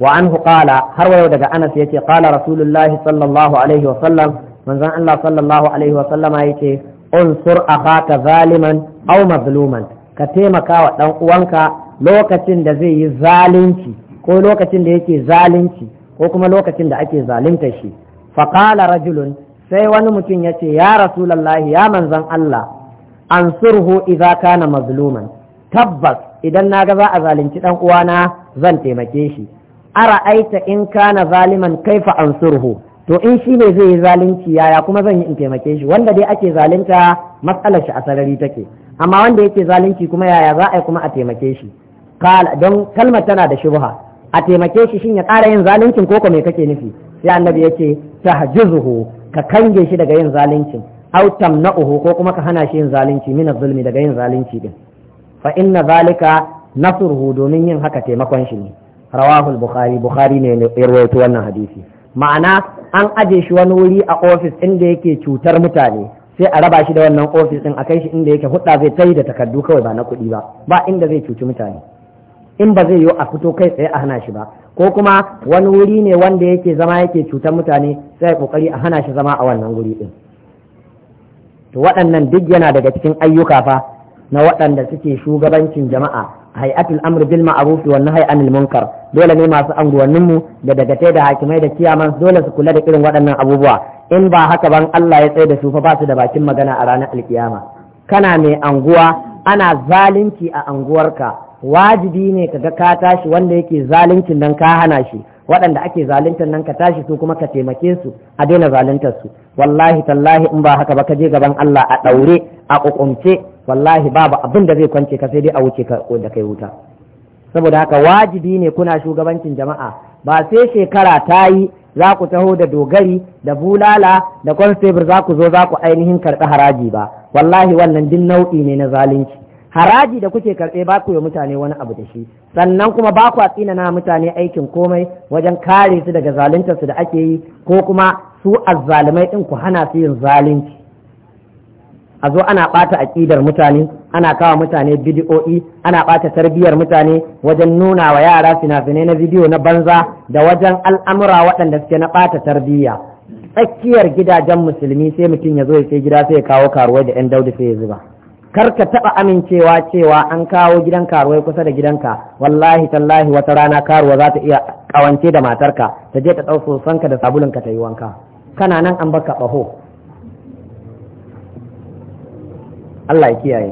wa anhu qala har wayo daga Anas yace qala Rasulullah sallallahu alaihi wa sallam manzon Allah sallallahu alaihi wa sallama yace unsur akhaka zaliman aw mazluman ka taimaka wa dan uwanka lokacin da zai yi zalunci ko lokacin da yake zalunci ko kuma lokacin da ake zalunta shi faƙala rajulun sai wani mutum ya ce ya rasulallahi ya manzan Allah an surhu idza kana mazluman tabbas idan na ga za a zalunci dan uwana zan taimake shi ara aita in kana zaliman kaifa an surhu to in shi ne zai yi zalunci yaya kuma zan yi in taimake shi wanda dai ake zalunta matsalar shi a sarari take amma wanda yake zalunci kuma yaya za a yi kuma a taimake shi don kalmar tana da shubha a taimake shi shin ya ƙara yin zaluncin ko ko me kake nufi sai annabi yace tahjuzuhu ka kange shi daga yin zaluncin aw tamna'uhu ko kuma ka hana shi yin zalunci min zulmi daga yin zalunci din fa inna zalika nasruhu domin yin haka taimakon shi ne rawahu bukhari bukhari ne ya rawaito wannan hadisi ma'ana an aje shi wani wuri a ofis inda yake cutar mutane sai a raba shi da wannan ofis din a kai shi inda yake hudda zai tayi da takardu kawai ba na kuɗi ba ba inda zai cuci mutane in ba zai yi a fito kai tsaye a hana shi ba ko kuma wani wuri ne wanda yake zama yake cutar mutane sai kokari a hana shi zama a wannan wuri din to waɗannan duk yana daga cikin ayyuka fa na waɗanda suke shugabancin jama'a hay'atul amr bil ma'ruf wa nahy anil munkar dole ne masu anguwannin mu da dagatai da hakimai da kiyaman dole su kula da irin waɗannan abubuwa in ba haka ban Allah ya tsaye da su fa ba su da bakin magana a ranar alkiyama kana mai anguwa ana zalunci a anguwarka wajibi ne ka ga ka tashi wanda yake zaluncin nan ka hana shi waɗanda ake zaluntar nan ka tashi su kuma ka taimake su a daina zaluntar su wallahi tallahi in ba haka ba ka je gaban Allah a ɗaure a ƙuƙunce wallahi babu abin da zai kwance ka sai dai a wuce ka da kai wuta saboda haka wajibi ne kuna shugabancin jama'a ba sai shekara ta yi za ku taho da dogari da bulala da constable za ku zo za ku ainihin karɓi haraji ba wallahi wannan duk nau'i ne na zalunci haraji da kuke karɓe ba ku yi mutane wani abu da shi sannan kuma ba ku na mutane aikin komai wajen kare su daga su da ake yi ko kuma su azzalumai ɗin ku hana su yin zalunci a zo ana ɓata aƙidar mutane ana kawo mutane bidi'o'i ana ɓata tarbiyyar mutane wajen nuna wa yara fina-finai na bidiyo na banza da wajen al'amura waɗanda suke na ɓata tarbiyya tsakiyar gidajen musulmi sai mutum ya zo ya sai gida sai ya kawo karuwai da 'yan daudu sai ya zuba kar ka taɓa amincewa cewa an kawo gidan karuwai kusa da gidanka wallahi tallahi wata rana karuwa za ta iya kawance da matarka ta je ta ɗau sosanka da sabulin ka ta yi wanka kana nan an baka ɓaho Allah ya kiyaye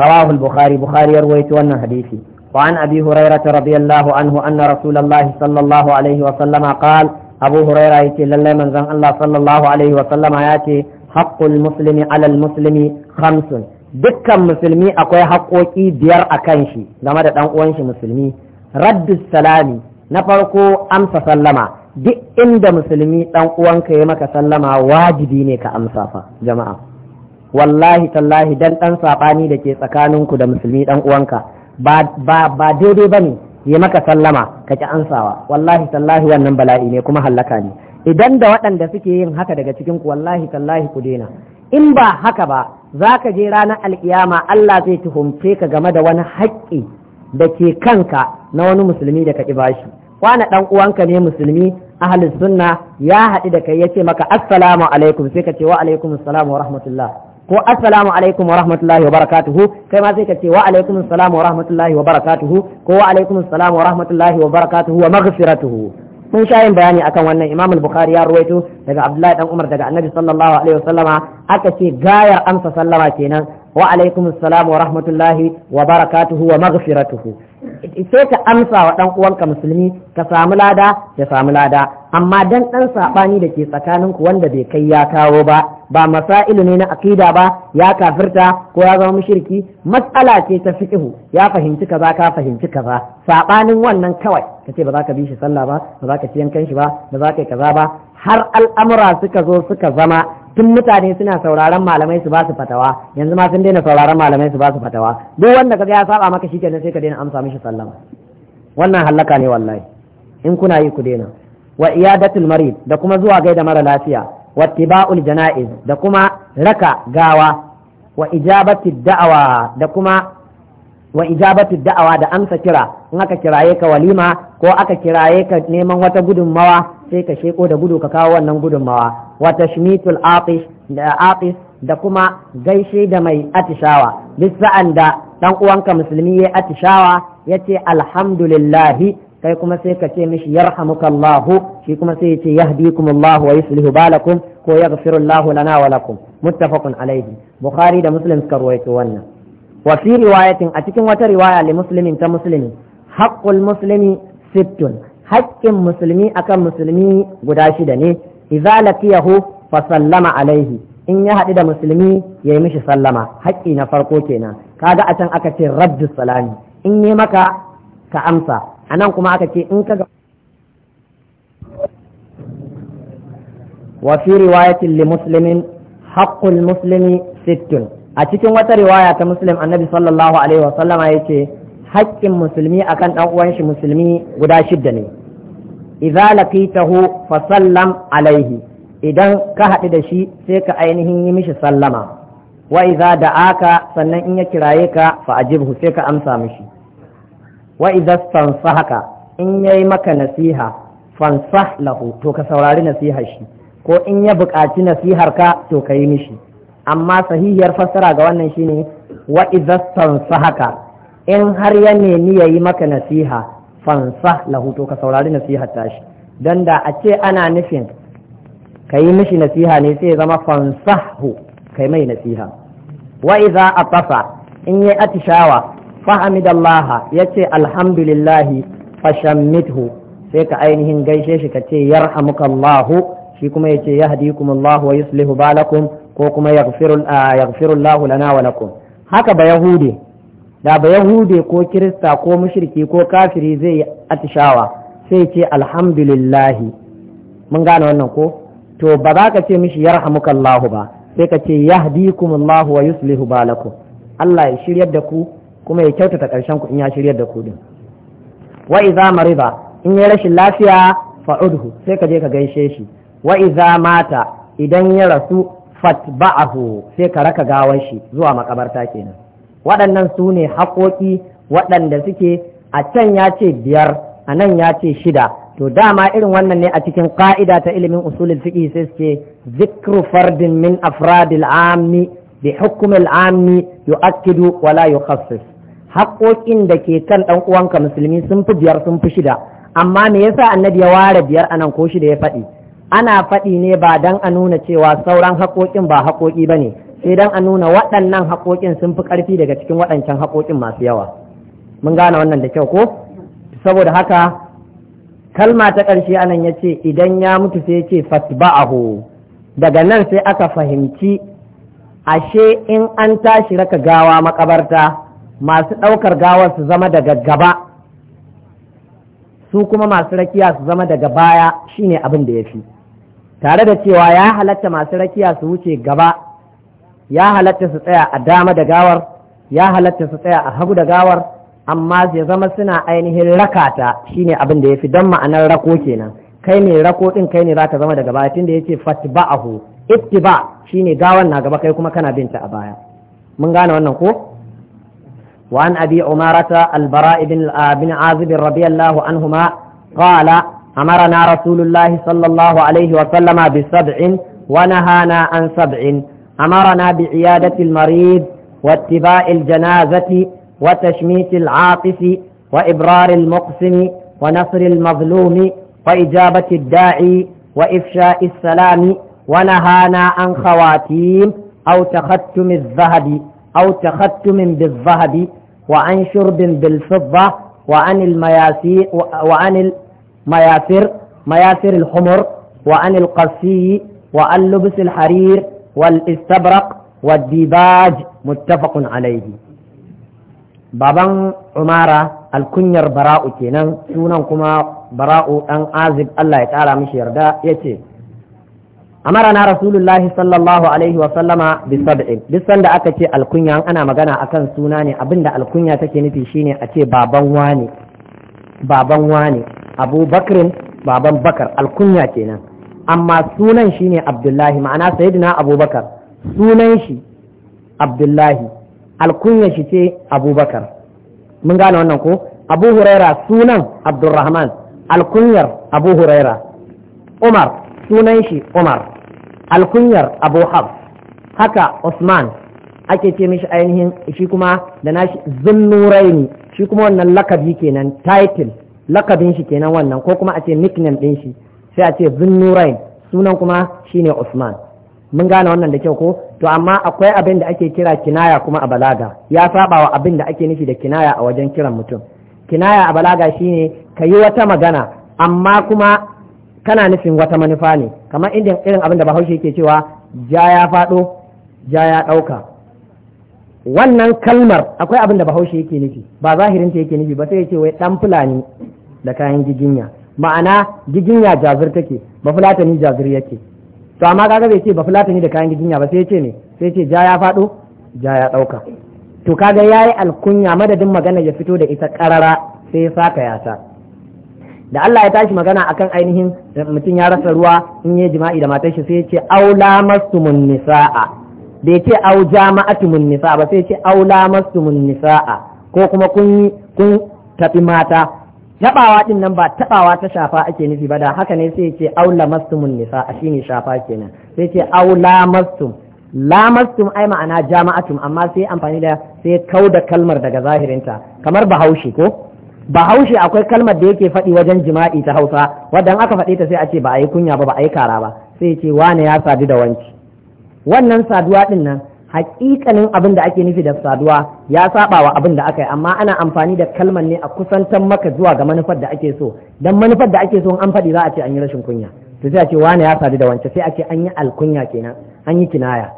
rawahu al-bukhari bukhari yarwayti wannan hadisi wa an abi hurairah radiyallahu anhu anna rasulullah sallallahu alaihi wa sallama qala abu hurairah yace lalle manzan Allah sallallahu alaihi wa sallama yace haqqul muslimi alal muslimi hamsin dukkan musulmi akwai haƙoƙi biyar a kan shi game da ɗan uwan shi musulmi raddus salami na farko amsa sallama duk inda musulmi ɗan uwanka ya maka sallama wajibi ne ka amsa fa jama'a wallahi tallahi dan ɗan saɓani da ke tsakaninku da musulmi ɗan uwanka ba daidai ba ne ya maka sallama ka ki ansawa wallahi tallahi wannan bala'i ne kuma hallaka ne idan da waɗanda suke yin haka daga cikin ku wallahi tallahi ku daina in ba haka ba za ka je ranar alkiyama Allah zai tuhumce ka game da wani haƙƙi da ke kanka na wani musulmi da ka ƙi bashi kwana ɗan uwanka ne musulmi ahli sunna ya haɗu da kai ya ce maka assalamu alaikum sai ka ce wa alaikum assalam wa rahmatullah ko assalamu alaikum wa rahmatullahi wa barakatuhu kai ma sai ka ce wa alaikum assalam wa rahmatullahi wa barakatuhu ko wa alaikum assalam wa rahmatullahi wa barakatuhu wa maghfiratuhu mun sha yin bayani akan wannan imam al-bukhari ya ruwaito daga abdullahi dan umar daga annabi sallallahu alaihi wasallama aka ce gayar amsa sallama kenan wa alaikum assalam wa rahmatullahi wa barakatuhu wa maghfiratuhu sai ka amsa wa ɗan uwanka musulmi ka samu lada ya samu lada amma dan dan saɓani da ke tsakanin ku wanda bai kai ya kawo ba ba masailu ne na akida ba ya kafirta ko ya zama mushriki matsala ce ta fiqhu ya fahimci kaza ka fahimci kaza sabanin wannan kawai kace ba za ka bi shi sallah ba ba za ka ci yankan shi ba ba za ka yi kaza ba har al'amura suka zo suka zama tun mutane suna sauraron malamai su ba su fatawa yanzu ma sun daina sauraron malamai su ba su fatawa duk wanda kaga ya saba maka shi shikenan sai ka daina amsa mishi sallama wannan halaka ne wallahi in kuna yi ku daina wa iyadatul marid da kuma zuwa gai da mara lafiya wa tiba'ul janaiz da kuma raka gawa wa ijabati da'awa da kuma wa ijabatu da'awa da amsa kira in aka kiraye ka walima ko aka kiraye ka neman wata gudunmawa sai ka sheko da gudu ka kawo wannan gudunmawa wa tashmitul atish da atish da kuma gaishe da mai atishawa duk sa'an da dan uwanka musulmi ya atishawa yace alhamdulillahi kai kuma sai ka ce mishi yarhamukallahu shi kuma sai yace ce yahdikumullahu wa yuslihu balakum ko yaghfirullahu lana wa lakum muttafaqun alaihi bukhari da muslim suka ruwaito wannan wa fi riwayatin a cikin wata riwaya li muslimin ta muslimi haqqul muslimi sittun haƙƙin musulmi akan musulmi guda shida ne idza laqiyahu fa sallama alaihi in ya haɗu da musulmi ya yi mishi sallama haƙƙi na farko kenan kaga a can aka ce raddu salami in yi maka ka amsa a nan kuma aka ce in ka ga wa fi riwayatin li muslimin haqqul muslimi sittun a cikin wata riwaya ta muslim annabi sallallahu alaihi wasallama ya ce haƙƙin musulmi akan ɗan uwan shi musulmi guda shidda ne idza laqitahu fa sallam alaihi idan ka haɗu da shi sai ka ainihin yi mishi sallama wa idza da'aka sannan in ya kiraye ka fa ajibhu sai ka amsa mishi wa idza stansahaka in yayi maka nasiha fansah lahu to ka saurari nasihar shi ko in ya buƙaci nasihar ka to ka yi mishi amma sahihiyar fassara ga wannan shine wa idastan sahaka in har ya nemi yayi maka nasiha fansa lahu to ka saurari nasihar tashi dan da a ce ana nufin ka yi mishi nasiha ne sai ya zama fansahu kai mai nasiha wa a atafa in yi atishawa fahamidallaha yace alhamdulillahi fashammithu sai ka ainihin gaishe shi ka ce yarhamukallahu shi kuma yace yahdikumullahu wa yuslihu balakum ko kuma yaghfiru Allah ah, lana wa lakum haka ba yahude da ba yahude ko kirista ko mushriki ko kafiri zai yi atishawa sai ce alhamdulillah mun gane wannan ko to ba za ka ce mishi yarhamukallahu ba sai ka ce Allah wa yuslihu balakum Allah ya shiryar da ku kuma ya kyautata karshen ku in ya shiryar da ku din wa idza mariba in ya rashin lafiya fa'udhu sai ka je ka gaishe shi wa idza mata idan ya rasu fatba'ahu sai ka raka gawar shi zuwa makabarta kenan waɗannan su ne haƙoƙi waɗanda suke a can ya ce biyar a nan ya ce shida to dama irin wannan ne a cikin ƙa'ida ta ilimin usulul fiqh sai suke zikru fardin min afradil ammi bi hukmil ammi yu'akkidu wala yukhassis haƙoƙin da ke kan ɗan uwanka musulmi sun fi biyar sun fi shida amma me yasa annabi ya ware biyar anan ko shida ya faɗi ana faɗi ne ba don a nuna cewa sauran haƙoƙin ba haƙoƙi ba ne sai don a nuna waɗannan haƙoƙin sun fi ƙarfi daga cikin waɗancan haƙoƙin masu yawa mun gane wannan da kyau ko saboda haka kalma ta ƙarshe anan ya ce idan ya mutu sai ya ce fasba'ahu daga nan sai aka fahimci ashe in an tashi raka gawa makabarta masu ɗaukar gawar su zama daga gaba su kuma masu rakiya su zama daga baya shine abin da ya fi tare da cewa ya halatta masu rakiya su wuce gaba ya halatta su tsaya a dama da gawar ya halatta su tsaya a hagu da gawar amma ya zama suna ainihin rakata shine abin da ya fi don ma'anar rako kenan kai ne rako ɗin kai ne za ta zama daga baya tunda ya ce fatba'ahu ittiba shine gawan na gaba kai kuma kana binta a baya mun gane wannan ko Wa umarata abi umarata البراء بن عازب رضي الله anhuma قال أمرنا رسول الله صلى الله عليه وسلم بسبع ونهانا عن سبع أمرنا بعيادة المريض واتباع الجنازة وتشميت العاطف وإبرار المقسم ونصر المظلوم وإجابة الداعي وإفشاء السلام ونهانا عن خواتيم أو تختم الذهب أو تختم بالذهب وعن شرب بالفضة وعن المياسير وعن mayasir mayasir al-humur wa an al-qasi wa an lubs al-harir wal istabraq wad dibaj muttafaqun alayhi baban umara alkunyar bara'u kenan sunan kuma bara'u dan azib Allah ya kara mishi yarda yace na rasulullahi sallallahu alaihi wa sallama bi duk sanda aka ce alkunya ana magana akan suna ne abinda alkunya take nufi shine a ce baban wani baban wani abu bakrin baban bakar alkunya kenan amma sunan shi ne abdullahi ma'ana sayidina abubakar sunan shi abdullahi alkunya shi ce abubakar mun gane wannan ko abu huraira sunan abdurrahman alkunyar abu huraira umar sunan shi umar alkunyar abu hafs haka usman ake ce mishi ainihin shi kuma da nashi zunnuraini shi kuma wannan lakabi kenan title lakabin shi kenan wannan ko kuma a ce nickname din shi sai a ce zunnurain sunan kuma shine Usman mun gane wannan da kyau ko to amma akwai abin da ake kira kinaya kuma a balaga ya saba wa abin da ake nufi da kinaya a wajen kiran mutum kinaya a balaga shine ka yi wata magana amma kuma kana nufin wata manufa ne kamar inda irin abin da bahaushe yake cewa ja ya faɗo ja ya ɗauka wannan kalmar akwai abin da bahaushe yake nufi ba ta yake nufi ba sai ya ce wai ɗan fulani da kayan giginya ma'ana giginya jazir take ba fulatani jazir yake to amma kaga bai ce ba fulatani da kayan giginya ba sai ya ce ne sai ce ja ya faɗo ja ya ɗauka to kaga yayi alkunya madadin magana ya fito da ita ƙarara sai ya saka yasa da Allah ya tashi magana akan ainihin eh, mutum ya rasa ruwa in yi jima'i da matar shi sai ya ce aula mastumun nisa'a da ya ce au jama'atumun nisa'a ba sai ya ce aula mastumun nisa'a ko kuma kun kun tafi mata taɓawa ɗin nan ba taɓawa ta shafa ake nufi ba da haka ne sai ce aula mastumun nisa a shi ne shafa kenan sai ce aula mastum lamastum ai ma'ana jama'atum amma sai amfani da sai kau da kalmar daga zahirinta kamar bahaushe ko bahaushe akwai kalmar da yake faɗi wajen jima'i ta hausa wadda aka faɗi ta sai a ce ba a yi kunya ba ba a yi kara ba sai ce wane ya sadu da wanci wannan saduwa ɗin nan haƙiƙanin abin da ake nufi da saduwa ya saba wa abin da aka yi amma ana amfani da kalmar ne a kusantan maka zuwa ga manufar da ake so dan manufar da ake so an faɗi za a ce an yi rashin kunya to sai a ce wani ya sadu da wance sai a ce an yi alkunya kenan an yi kinaya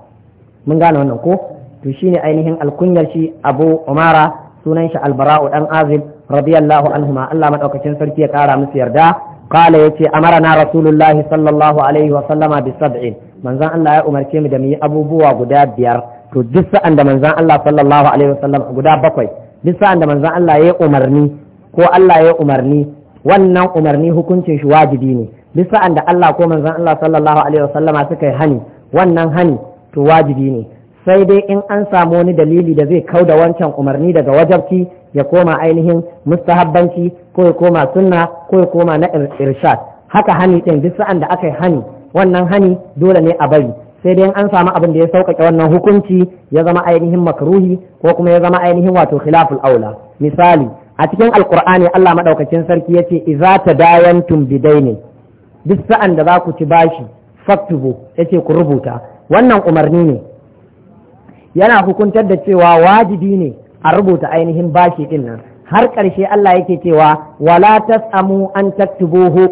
mun gane wannan ko to shine ainihin alkunyar shi Abu Umara sunan shi Albara'u dan Azib radiyallahu anhuma Allah madaukakin sarki ya kara musu yarda qala yace na rasulullahi sallallahu alaihi wa sallama bi sab'in manzon Allah ya umarce mu da mu yi abubuwa guda biyar to duk sa'an da manzon Allah sallallahu alaihi wasallam guda bakwai duk sa'an da manzon Allah ya umarni ko Allah ya umarni wannan umarni hukuncin shi wajibi ne duk sa'an da Allah ko manzon Allah sallallahu alaihi wasallama suka yi hani wannan hani to wajibi ne sai dai in an samu wani dalili da zai kau da wancan umarni daga wajabci ya koma ainihin mustahabbanci ko ya koma sunna ko ya koma na irshad haka hani din duk sa'an da aka yi hani wannan hani dole ne a bari sai dai an samu abin da ya sauƙaƙe wannan hukunci ya zama ainihin makruhi ko kuma ya zama ainihin wato khilaful aula misali a cikin alqur'ani Allah madaukakin sarki yace idza tadayantum bidaini duk sa'an da za ku ci bashi faktubu yace ku rubuta wannan umarni ne yana hukuntar da cewa wajibi ne a rubuta ainihin bashi din nan har ƙarshe Allah yake cewa wala tas'amu an taktubuhu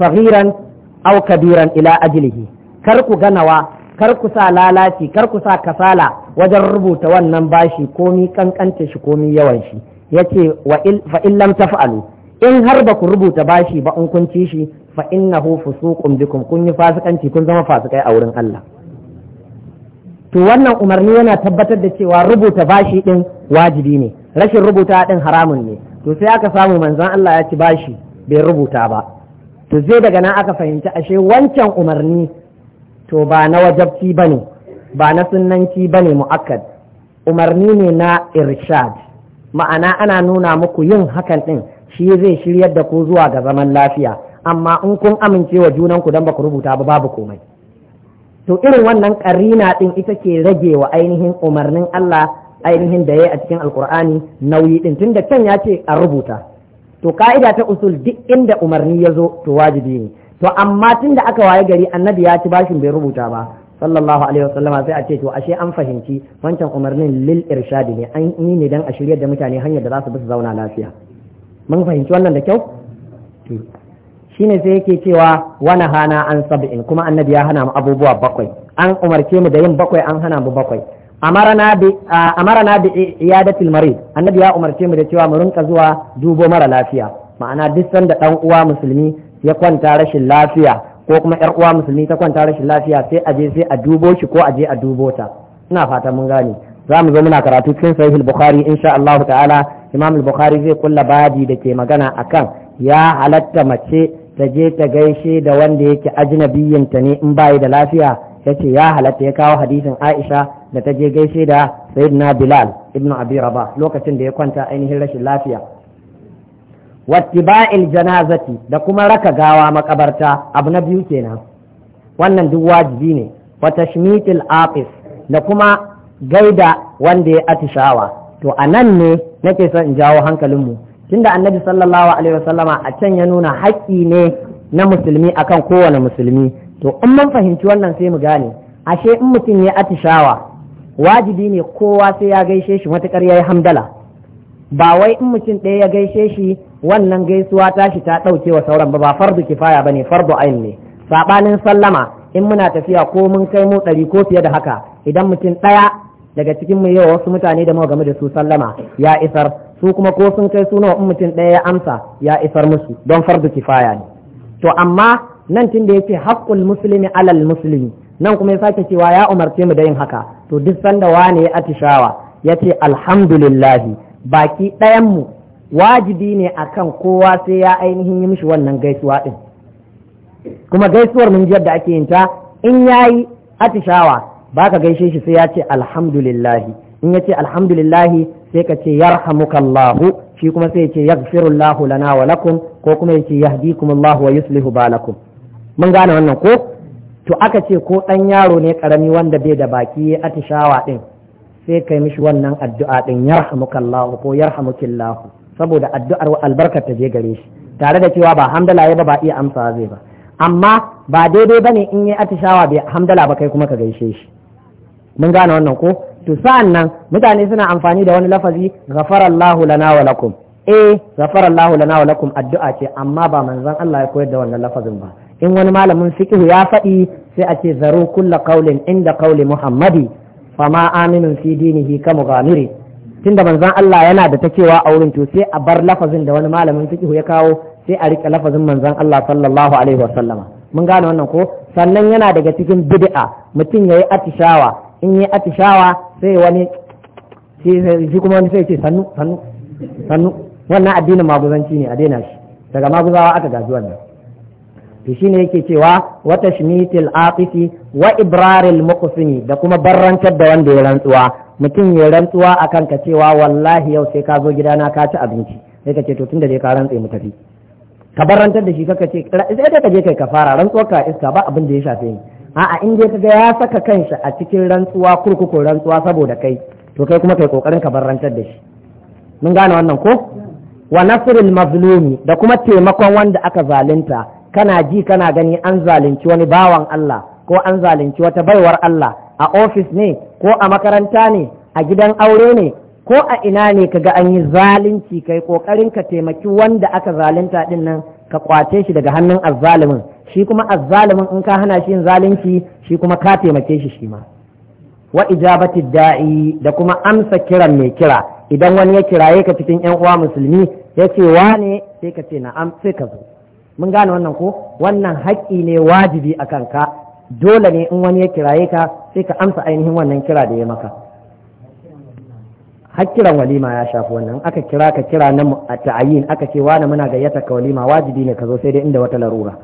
saghiran aw kabiran ila ajlihi kar ku ganawa kar ku sa lalaci kar ku sa kasala wajen rubuta wannan bashi komi kankanta shi komi yawan shi yace wa fa in lam taf'alu in har ba ku rubuta bashi ba in kun ci shi fa innahu fusuqun bikum kun yi fasikanci kun zama fasikai a wurin Allah to wannan umarni yana tabbatar da cewa rubuta bashi din wajibi ne rashin rubuta din haramun ne to sai aka samu manzon Allah ya ci bashi bai rubuta ba to zai daga nan aka fahimci ashe wancan umarni to ba na wajabci ba ne ba na sunanci ba ne mu'akkad umarni ne na irshad ma'ana ana nuna muku yin hakan ɗin shi zai shiryar da ku zuwa ga zaman lafiya amma in kun amince wa junanku dan ba ku rubuta ba babu komai to irin wannan karina ɗin ita ke rage wa ainihin umarnin Allah ainihin da ya a cikin alkur'ani nauyi ɗin tunda can ya ce a rubuta to ka'ida ta usul duk inda umarni ya zo to wajibi ne to amma tun da aka waye gari annabi ya ci bashin bai rubuta ba sallallahu alaihi wasallama sai a ce to ashe an fahimci wancan umarnin lil irshadi ne an yi ne dan a shiryar da mutane hanyar da za su bi su zauna lafiya mun fahimci wannan da kyau shine sai yake cewa wani hana an sab'in kuma annabi ya hana mu abubuwa bakwai an umarce mu da yin bakwai an hana mu bakwai amarana da iyadatil marid annabi ya umarce mu da cewa mu rinka zuwa dubo mara lafiya ma'ana duk sanda dan uwa musulmi ya kwanta rashin lafiya ko kuma yar uwa musulmi ta kwanta rashin lafiya sai a je sai a dubo shi ko a je a dubo ta ina fata mun gane za mu zo muna karatu cikin sahih al-bukhari insha Allah ta'ala imam al-bukhari zai kulla babi da ke magana akan ya halatta mace ta je ta gaishe da wanda yake ajnabiyin ta ne in bai da lafiya yace ya halatta ya kawo hadisin Aisha da ta je gaishe da sayyidina bilal ibn abi rabah lokacin da ya kwanta ainihin rashin lafiya wattiba'il janazati da kuma raka gawa makabarta abu na biyu kenan wannan duk wajibi ne wa tashmitil aqis da kuma gaida wanda ya atishawa to anan nan ne nake son in jawo hankalinmu tunda annabi sallallahu alaihi wasallama a can ya nuna haƙƙi ne na musulmi akan kowane musulmi to in mun fahimci wannan sai mu gane ashe in mutum ya atishawa wajibi ne kowa sai ya gaishe shi ya yi hamdala ba wai in mutum ɗaya ya gaishe shi wannan gaisuwa ta shi ta ɗauke wa sauran ba ba fardu kifaya ba ne fardu ayin ne saɓanin sallama in muna tafiya ko mun kai mu ɗari ko fiye da haka idan mutum ɗaya daga cikin mu yawa wasu mutane da muka game da su sallama ya isar su kuma ko sun kai suna in mutum ɗaya ya amsa ya isar musu don fardu kifaya ne to amma nan tun da yake haƙƙul musulmi alal musulmi nan kuma ya sake cewa ya umarce mu da yin haka to duk sanda wane ya atishawa ya ce alhamdulillahi baki ɗayan mu wajibi ne akan kowa sai ya ainihin yi mishi wannan gaisuwa ɗin kuma gaisuwar mun yadda ake yin ta in ya yi atishawa ba ka gaishe shi sai ya ce alhamdulillahi in yace ce alhamdulillahi sai ka ce yarhamukallahu shi kuma sai ya ce yaghfirullahu lana wa lakum ko kuma ya ce yahdikumullahu wa yuslihu balakum mun gane wannan ko to aka ce ko ɗan yaro ne ƙarami wanda bai da baki ya atishawa ɗin sai kai mishi wannan addu'a ɗin yarhamukallahu ko yarhamukillahu saboda addu'ar albarkar ta je gare shi tare da cewa ba hamdala ya ba ba iya amsa zai ba amma ba daidai bane in ya atishawa bai hamdala ba kai kuma ka gaishe shi mun gane wannan ko to sa'an nan mutane suna amfani da wani lafazi ghafarallahu lana wa lakum eh ghafarallahu lana wa lakum addu'a ce amma ba manzon Allah ya koyar da wannan lafazin ba in wani malamin fiqhu ya faɗi sai a ce zaru kulla qaulin inda qauli muhammadi fama aminun fi dinihi ka mughamiri tunda manzon Allah yana da ta cewa a wurin to sai a bar lafazin da wani malamin fiqhu ya kawo sai a rike lafazin manzon Allah sallallahu alaihi wa sallama mun gane wannan ko sannan yana daga cikin bid'a mutum yayi atishawa in yayi atishawa sai wani shi kuma wani sai ce sannu sannu sannu wannan addinin maguzanci ne a daina shi daga maguzawa aka gaji wannan to shine yake cewa wa tashmitil aqifi wa ibraril muqsimi da kuma barrantar da wanda ya rantsuwa mutum ya rantsuwa akan ka cewa wallahi yau sai ka zo gidana ka ci abinci sai ka ce to tunda dai ka rantse mu tafi ka barrantar da shi kaka ce sai ka je kai kafara rantsuwar ka iska ba abin da ya shafe ni a'a in dai kaga ya saka kanshi a cikin rantsuwa kurkuku rantsuwa saboda kai to kai kuma kai kokarin ka barrantar da shi mun gane wannan ko wa nasrul mazlumi da kuma taimakon wanda aka zalunta kana ji kana gani an zalunci wani bawan Allah ko an zalunci wata baiwar Allah a ofis ne ko a makaranta ne a gidan aure ne ko a ina ne kaga an yi zalunci kai kokarin ka taimaki wanda aka zalunta din nan ka kwace shi daga hannun azzalumin shi kuma azzalumin in ka hana shi yin zalunci shi kuma ka taimake shi shi ma wa ijabati da'i da kuma amsa kiran mai kira idan wani ya kiraye ka cikin yan uwa musulmi ya ce wane sai ka ce na'am sai ka zo mun gane wannan ko wannan haƙƙi ne wajibi a kanka dole ne in wani ya kiraye ka sai ka amsa ainihin wannan kira da ya maka hakkiran walima ya shafi wannan aka kira ka kira nan a ta'ayin aka ce wani muna gayyata ka walima wajibi ne ka zo sai dai inda wata larura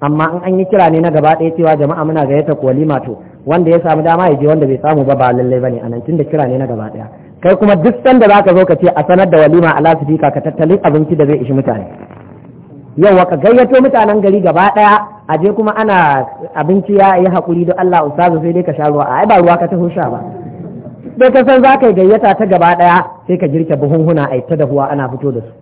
amma in an yi kira ne na gaba ɗaya cewa jama'a muna gayyata ka walima to wanda ya samu dama ya je wanda bai samu ba ba lallai bane anan tunda kira ne na gaba ɗaya kai kuma duk sanda zaka zo ka ce a sanar da walima a lasifika ka tattalin abinci da zai ishi mutane yawa ka gayyato mutanen gari gaba daya a je kuma ana abinci ya yi hakuri da Allah ustazu sai dai ka sha ruwa a ba ruwa ka ta husha ba bai ka san za yi gayyata ta gaba daya sai ka girke buhunhuna ai ta dahuwa ana fito da su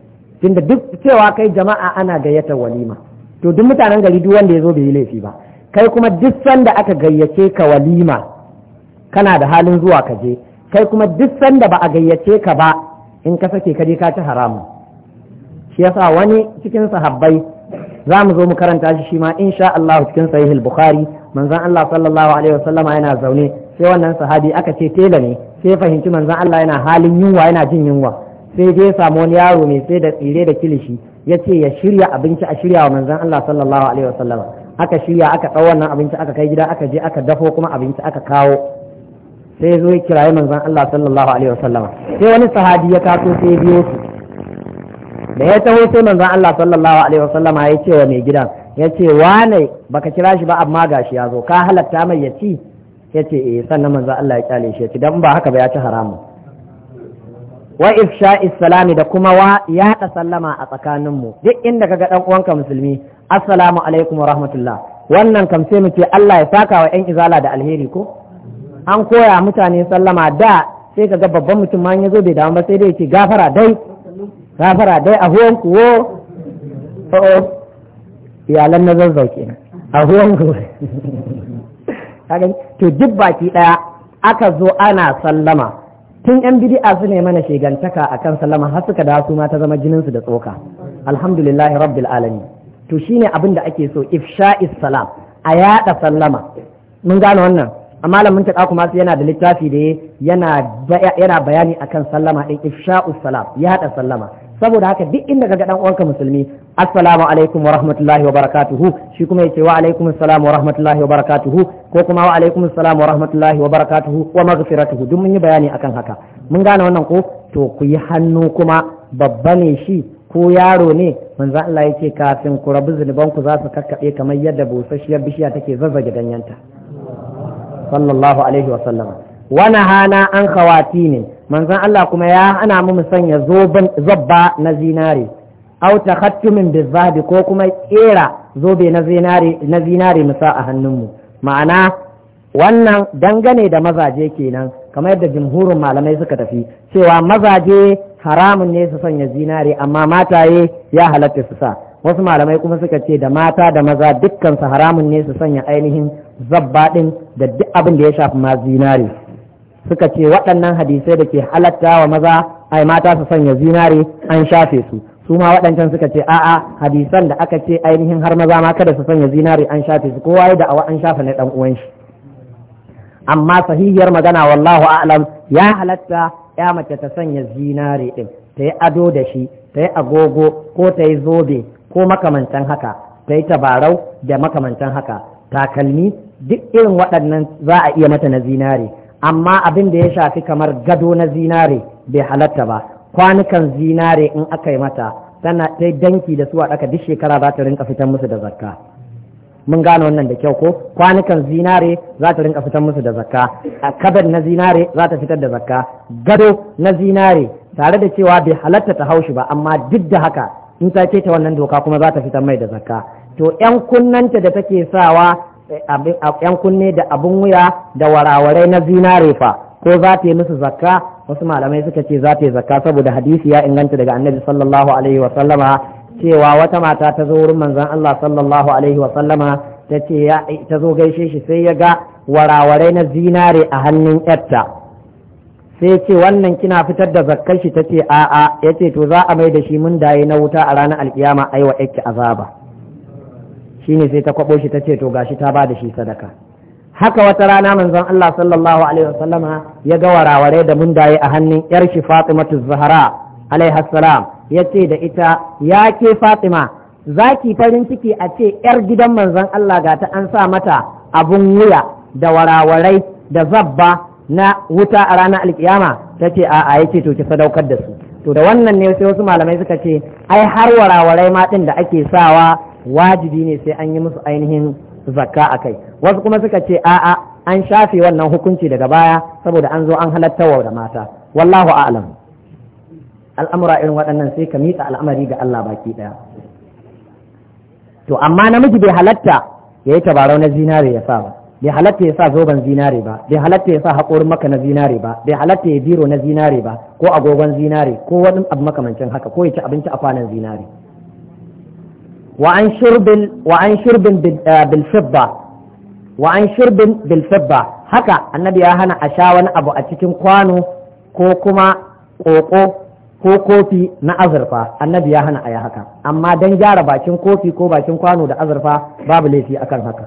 tunda duk cewa kai jama'a ana gayyatar walima to duk mutanen gari duk wanda ya zo bai yi laifi ba kai kuma duk sanda aka gayyace ka walima kana da halin zuwa ka je kai kuma duk sanda ba a gayyace ka ba in ka sake ka je ka ci haramun shi yasa wani cikin sahabbai za mu zo mu karanta shi shi ma insha Allah cikin sahihul bukhari manzon Allah sallallahu alaihi wasallama yana zaune sai wannan sahabi aka ce tela ne sai fahimci manzon Allah yana halin yunwa yana jin yunwa sai je samu wani yaro mai sai da tsire da kilishi ya ce ya shirya abinci a shirya wa manzon Allah sallallahu alaihi wasallama aka shirya aka ɗau wannan abinci aka kai gida aka je aka dafo kuma abinci aka kawo sai zo ya kirayi manzon Allah sallallahu alaihi wasallama sai wani sahabi ya kaso sai ya biyo su da ya taho sai manzon Allah sallallahu alaihi wasallama ya ce wa mai gidan ya ce wane baka kira shi ba amma gashi ya zo ka halatta mai ya ci ya ce eh sannan manzon Allah ya kyale shi ya ci dan ba haka ba ya ci haramun wa ifsha islami da kuma wa yaɗa sallama a mu duk inda kaga dan uwanka musulmi assalamu alaikum wa rahmatullah wannan kam sai mu Allah ya saka wa yan izala da alheri ko an koya mutane sallama da sai kaga babban mutum ma ya zo bai damu ba sai dai ya ce gafara dai gafara dai a huwan kuwo o'o oh, oh. iyalan na zazzauki na a huwan [LAUGHS] kuwo to duk baki ɗaya aka zo ana sallama tun yan bidi'a su ne mana shegantaka akan sallama har suka da su ma ta zama jininsu da tsoka alhamdulillahi rabbil alami to shine abin da ake so sha'is salam a yada sallama mun gane wannan amma lamun ta kuma yana da littafi da yana bayani akan sallama din ifsha'us salam yada sallama saboda haka duk inda ga dan uwanka musulmi assalamu alaikum wa rahmatullahi wa barakatuhu shi kuma yace wa alaikum assalam wa rahmatullahi wa barakatuhu ko kuma wa alaikum assalam wa rahmatullahi wa barakatuhu wa maghfiratuhu duk mun yi bayani akan haka mun gane wannan ko to ku yi hannu kuma babba ne shi ko yaro ne manzo Allah yace kafin ku rabu zunuban ku za su kakkabe kamar yadda busasshiyar bishiya take zazzage danyanta sallallahu alaihi wa sallama wa nahana an khawatinin manzon Allah kuma ya hana mu sanya zoben na zinare aw takhattumin bizabi ko kuma kera zobe na zinare na zinare mu sa a hannunmu ma'ana wannan dangane da mazaje kenan kamar yadda jumhurin malamai suka tafi cewa mazaje haramun ne su sanya zinare amma mataye ya halatta su sa wasu malamai kuma suka ce da mata da maza dukkan su haramun ne su sanya ainihin zabba din da duk abin da ya shafi ma zinare suka ce waɗannan hadisai da ke halatta wa maza ai mata su sanya zinare an shafe su su ma waɗancan suka ce a'a hadisan da aka ce ainihin har maza ma kada su sanya zinare an shafe su kowa ya da'awa an shafe na ɗan uwan shi amma sahihiyar magana wallahu a'lam ya halatta ya mace ta sanya zinare ɗin ta yi ado da shi ta yi agogo ko ta yi zobe ko makamantan haka ta yi tabarau da makamantan haka takalmi duk irin waɗannan za a iya mata na zinare amma abin da ya shafi kamar gado na zinare bai halatta ba kwanukan zinare in aka yi mata tana ta danki da su a ɗaka duk shekara za ta rinka fitan musu da zakka mun gane wannan da kyau ko kwanukan zinare za ta rinka fitan musu da zakka a kabar na zinare za ta fitar da zakka gado na zinare tare da cewa bai halatta ta haushi ba amma duk da haka in ta ta wannan doka kuma za ta fitar mai da zakka to yan kunnanta da take sawa 'yan kunne da abin wuya da warawarai na zinare fa ko za ta yi musu zakka wasu malamai suka ce za ta yi zakka saboda hadisi ya inganta daga annabi sallallahu alaihi wa sallama cewa wata mata ta zo wurin manzon Allah sallallahu alaihi wa sallama ta ce ta zo gaishe shi sai ya ga warawarai na zinare a hannun yarta sai ce wannan kina fitar da zakkar shi tace a'a yace to za a mai da shi mun daye na wuta a ranar alkiyama aiwa yake azaba shi ne sai ta kwaɓo shi ta ce to gashi ta bada shi sadaka haka wata rana manzon Allah sallallahu alaihi wasallama ya ga waraware da mundaye a hannun yar shi Fatimatu Zahra alaiha salam yace da ita ya ke Fatima zaki farin ciki a ce yar gidan manzon Allah ga ta an sa mata abun wuya da warawarai da zabba na wuta a ranar alkiyama tace a'a yace to ki sadaukar da su to da wannan ne sai wasu malamai suka ce ai har warawarai ma din da ake sawa wajibi ne sai an yi musu ainihin zakka a kai wasu kuma suka ce a'a an shafe wannan hukunci daga baya saboda an zo an halatta wa da mata wallahu a'lam al'amura irin waɗannan sai ka miƙa al'amari ga Allah baki ɗaya to amma namiji bai halatta ya yi tabarau na zinare ya sa ba bai halatta ya sa zoben zinare ba bai halatta ya sa haƙorin maka na zinare ba bai halatta ya biro na zinare ba ko agogon zinare ko wani abu makamancin haka ko ya ci abinci a kwanan zinare وعن شرب وعن شرب وعن شرب haka annabi ya hana a sha wani abu a cikin kwano ko kuma koko ko kofi na azurfa annabi ya hana a yi haka amma don gyara bakin kofi ko bakin kwano da azurfa babu laifi akan haka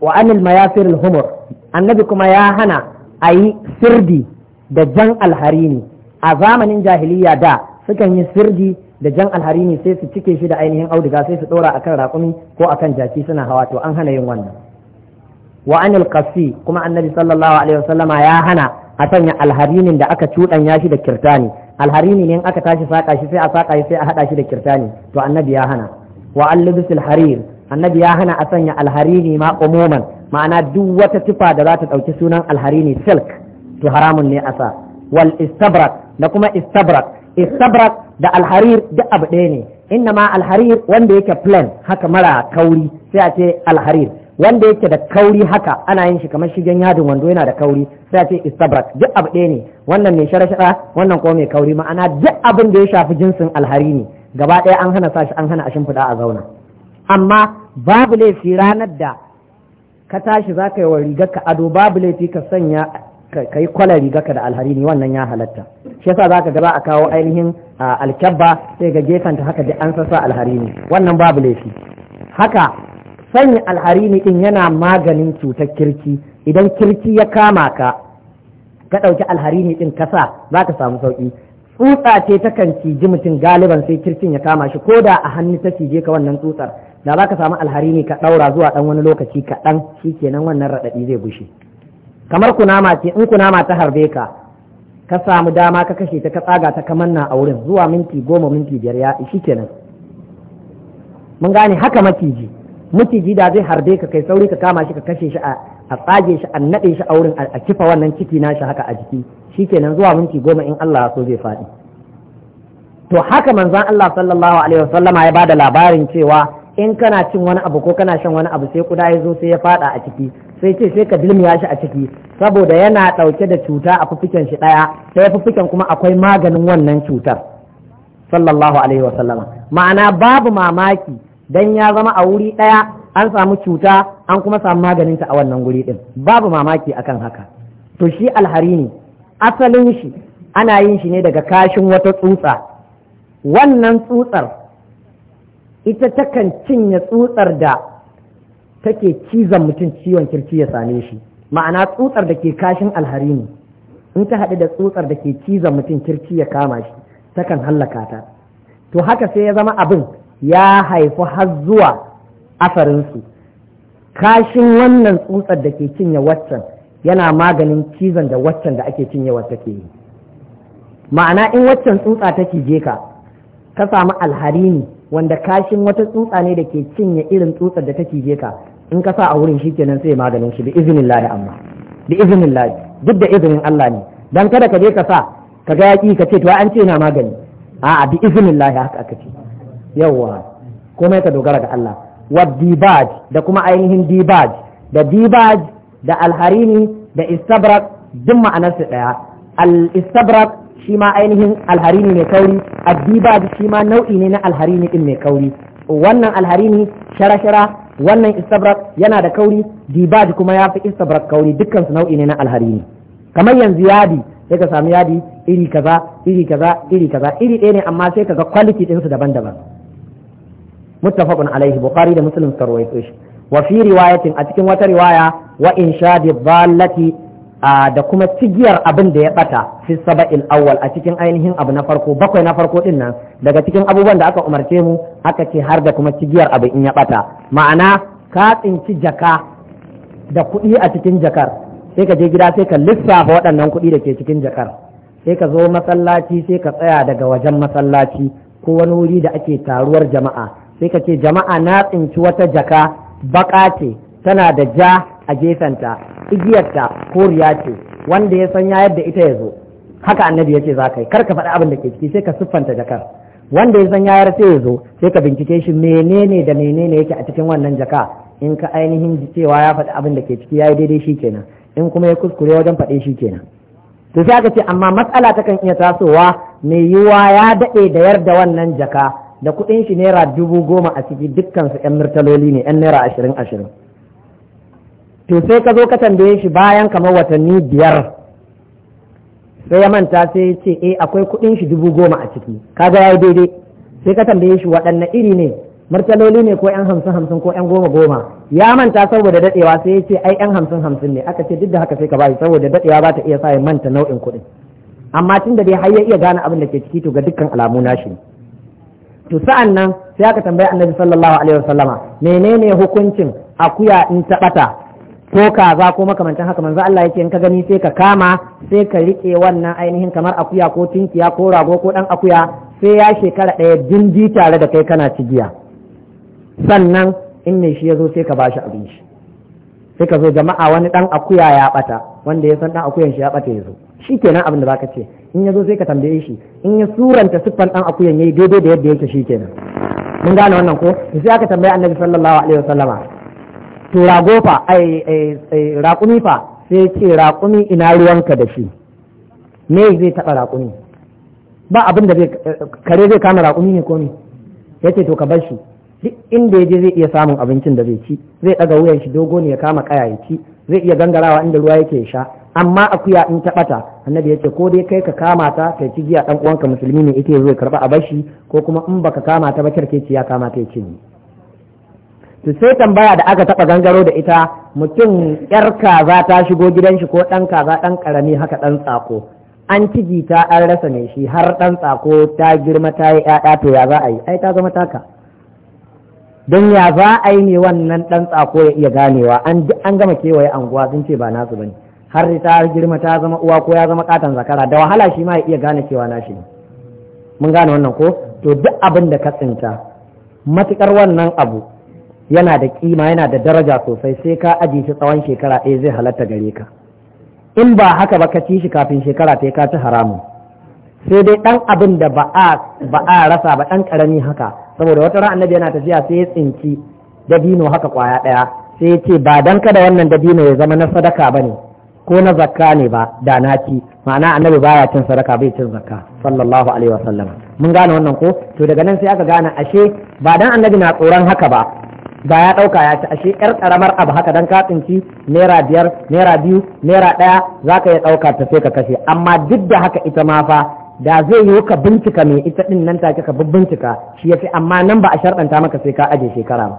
wa anil mayasir humur annabi kuma ya hana a yi sirdi da jan alharini a zamanin jahiliya da sukan yi sirdi da jan alharini sai su cike shi da ainihin auduga sai su dora akan raƙumi ko akan jaki suna hawa to an hana yin wannan wa anil qasi kuma annabi sallallahu alaihi wasallama ya hana a sanya alharinin da aka cuɗanya shi da kirtani alharini ne in aka tashi saka shi sai a saka shi sai a hada shi da kirtani to annabi ya hana wa albisul harir annabi ya hana a sanya alharini ma umuman ma'ana duk wata tufa da za ta dauki sunan alharini silk to haramun ne a sa wal istabrak da kuma istabrak istabrak da alharir duk abu ɗaya ne inna ma alharir wanda yake plain haka mara kauri sai a ce alharir wanda yake da kauri haka ana yin shi kamar shigen yadin wando yana da kauri sai a ce istabrak duk abu ɗaya ne wannan mai shara shara wannan kuma mai kauri ma'ana duk abin da ya shafi jinsin alhari ne gaba ɗaya an hana sashi an hana a shimfiɗa a zauna amma babu laifi ranar da ka tashi za ka yi wa rigar ado babu laifi ka sanya ka yi kwalar rigar da alhari ne wannan ya halatta shi yasa za ka gaba a kawo ainihin alkyabba sai ga gefenta haka da an sassa alharini wannan babu laifi haka sanya alharini din yana maganin cutar kirki idan kirki ya kama ka ka ɗauki alharini din kasa za ka samu sauki tsutsa ce ta takan ciji mutum galiban sai kirkin ya kama shi ko da a hannu ta cije ka wannan tsutsar da za ka samu alharini ka ɗaura zuwa ɗan wani lokaci kaɗan shi kenan wannan raɗaɗi zai bushe kamar kunama ce in kunama ta harbe ka ka samu dama ka kashe ta ka tsaga ta kamar na a wurin zuwa minti goma minti biyar ya ishi kenan mun gane haka maciji maciji da zai harbe ka kai sauri ka kama shi ka kashe shi a tsage shi a naɗe shi a wurin a kifa wannan ciki nashi haka a jiki shi kenan zuwa minti goma in Allah so zai faɗi to haka manzon Allah sallallahu alaihi wasallama ya bada labarin cewa in kana cin wani abu ko kana shan wani abu sai kuda ya zo sai ya faɗa a ciki sai ce sai ka dilmiya shi a ciki saboda yana ɗauke da cuta a fuffiken shi ɗaya sai fuffiken kuma akwai maganin wannan cutar sallallahu alaihi wasallama ma'ana babu mamaki dan ya zama a wuri ɗaya an samu cuta an kuma samu maganinta a wannan guri ɗin babu mamaki akan haka to shi alhari ne asalin shi ana yin shi ne daga kashin wata tsutsa wannan tsutsar ita takan cinye tsutsar da take cizon mutum ciwon kirci ya same shi ma'ana tsutsar da ke kashin alharini in ta haɗu da tsutsar da ke cizon mutum kirci ya kama shi takan hallaka ta to haka sai ya zama abin ya haifi har zuwa asarinsu kashin wannan tsutsar da ke cinye waccan yana maganin cizon da waccan da ake wata ke yi ma'ana in waccan tsutsa ta cije ka ka samu alharini wanda kashin wata tsutsa ne da ke cinye irin tsutsar da ta cije ka in ka sa a wurin shikenan sai maganin shi bi izinin lahi amma bi izinin lahi duk da izinin Allah ne dan kada ka je ka sa ka ga yaki ka ce to an ce na magani a'a bi izinin lahi haka aka ce yawa komai ka dogara ga Allah wa dibaj da kuma ainihin dibaj da dibaj da alharini da istabrak duk su daya al-istabrak shi ma ainihin alharini mai kauri addibaj shi ma nau'i ne na alharini din mai kauri wannan alharini shara-shara wannan istabrak yana da kauri dibaj kuma ya fi istabrak kauri dukkan su nau'i ne na alharini kamar yanzu yadi sai ka samu yadi iri kaza iri kaza iri kaza iri ɗaya ne amma sai kaga kwaliti ɗinsu daban-daban muttafaqun alaihi bukhari da muslim suka shi wa fi riwayatin a cikin wata riwaya wa shadi dhallati da kuma cigiyar abin da ya bata fi saba'il awwal a cikin ainihin abu na farko bakwai na farko din nan daga cikin abubuwan da aka umarce mu aka ce har da kuma cigiyar abu in ya bata ma'ana ka tsinci jaka da kuɗi a cikin jakar sai ka je gida sai ka lissafa waɗannan kuɗi da ke cikin jakar sai ka zo masallaci sai ka tsaya daga wajen masallaci ko wani wuri da ake taruwar jama'a sai ka ce jama'a na tsinci wata jaka baka ce tana da ja a gefenta igiyarta koriya ce wanda ya san yayar da ita ya zo haka annabi ya ce za ka yi kar ka faɗi abin da ke ciki sai ka siffanta jakar wanda ya san yayar sai ya zo sai ka bincike shi menene da menene yake a cikin wannan jaka in ka ainihin ji cewa ya faɗi abin da ke ciki yayi daidai shi kenan in kuma ya kuskure wajen faɗe shi kenan to sai aka ce amma matsala ta kan iya tasowa mai yiwuwa ya daɗe da yarda wannan jaka da kuɗin shi naira dubu goma a ciki dukkan su 'yan murtaloli ne 'yan naira ashirin ashirin to sai ka zo ka tambaye shi bayan kamar watanni biyar sai ya manta sai ya ce eh akwai kuɗin shi dubu goma a ciki kaga yayi daidai sai ka tambaye shi waɗanne iri ne martaloli ne ko yan hamsin hamsin ko yan goma goma ya manta saboda dadewa sai ya ce ai yan hamsin hamsin ne aka ce duk da haka sai ka bashi saboda dadewa ba ta iya sa ya manta nau'in kuɗi amma tun da dai har ya iya gane abin da ke ciki to ga dukkan alamu nashi to sa'an nan sai aka tambaye annabi sallallahu alaihi wasallama menene hukuncin akuya in ta bata ko kaza ko makamancin haka manzo Allah yake in ka gani sai ka kama sai ka rike wannan ainihin kamar akuya ko tinkiya ko rago ko dan akuya sai ya shekara ɗaya dindi tare da kai kana cigiya sannan in ne shi ya zo sai ka bashi abin shi sai ka zo jama'a wani dan akuya ya bata wanda ya san dan akuyan shi ya bata ya zo shikenan abin da baka ce in ya zo sai ka tambaye shi in ya suranta siffan dan akuyan yayi daidai da yadda yake shikenan mun gane wannan ko sai aka tambaye annabi sallallahu alaihi wasallama to rago fa ai raƙumi fa sai ce raƙumi ina ruwanka da shi me zai taɓa raƙumi ba abin da kare zai kama raƙumi ne ko ne ya ce to ka bar shi duk inda ya je zai iya samun abincin da zai ci zai ɗaga wuyan shi dogo ne ya kama kaya ya ci zai iya gangarawa inda ruwa yake sha amma akuya in ta bata annabi ce ko dai kai ka kama ta kai ci giya ɗan uwanka musulmi ne yake zo karɓa a bashi ko kuma in baka kama ta ba kirkeci ya kama ta ya ne to sai tambaya da aka taɓa gangaro da ita mutum yar kaza ta shigo gidan shi ko ɗan kaza ɗan ƙarami haka ɗan tsako an ciji ta an rasa mai shi har ɗan tsako ta girma ta yi ƴaƴa to ya za a yi ai ta zama taka don ya za a yi ne wannan ɗan tsako ya iya ganewa an gama kewaye anguwa sun ce ba nasu bane har ta girma ta zama uwa ko ya zama katon zakara da wahala shi ma ya iya gane cewa nashi ne mun gane wannan ko to duk abin da ka tsinta matukar wannan abu yana da kima yana da daraja sosai sai ka aji shi tsawon shekara ɗaya zai halatta gare ka in ba haka ba ka ci shi kafin shekara ta ka ci haramun sai dai ɗan abin da ba a rasa ba ɗan ƙarami haka saboda wata ran annabi yana tafiya sai ya tsinci dabino haka kwaya ɗaya sai ya ce ba don kada wannan dabino ya zama na sadaka ba ne ko na zakka ne ba da na ci ma'ana annabi baya cin sadaka bai cin zakka sallallahu alaihi wasallam mun gane wannan ko to daga nan sai aka gane ashe ba dan annabi na tsoron haka ba ba ya ɗauka ya ci ashe ƴar ƙaramar abu haka don ka ci naira biyar naira biyu naira ɗaya za ka iya ɗauka ta sai ka kashe amma duk da haka ita ma fa da zai yi ka bincika mai ita ɗin nan take ka bincika shi ya fi amma nan ba a sharɗanta maka sai ka aje shekara ba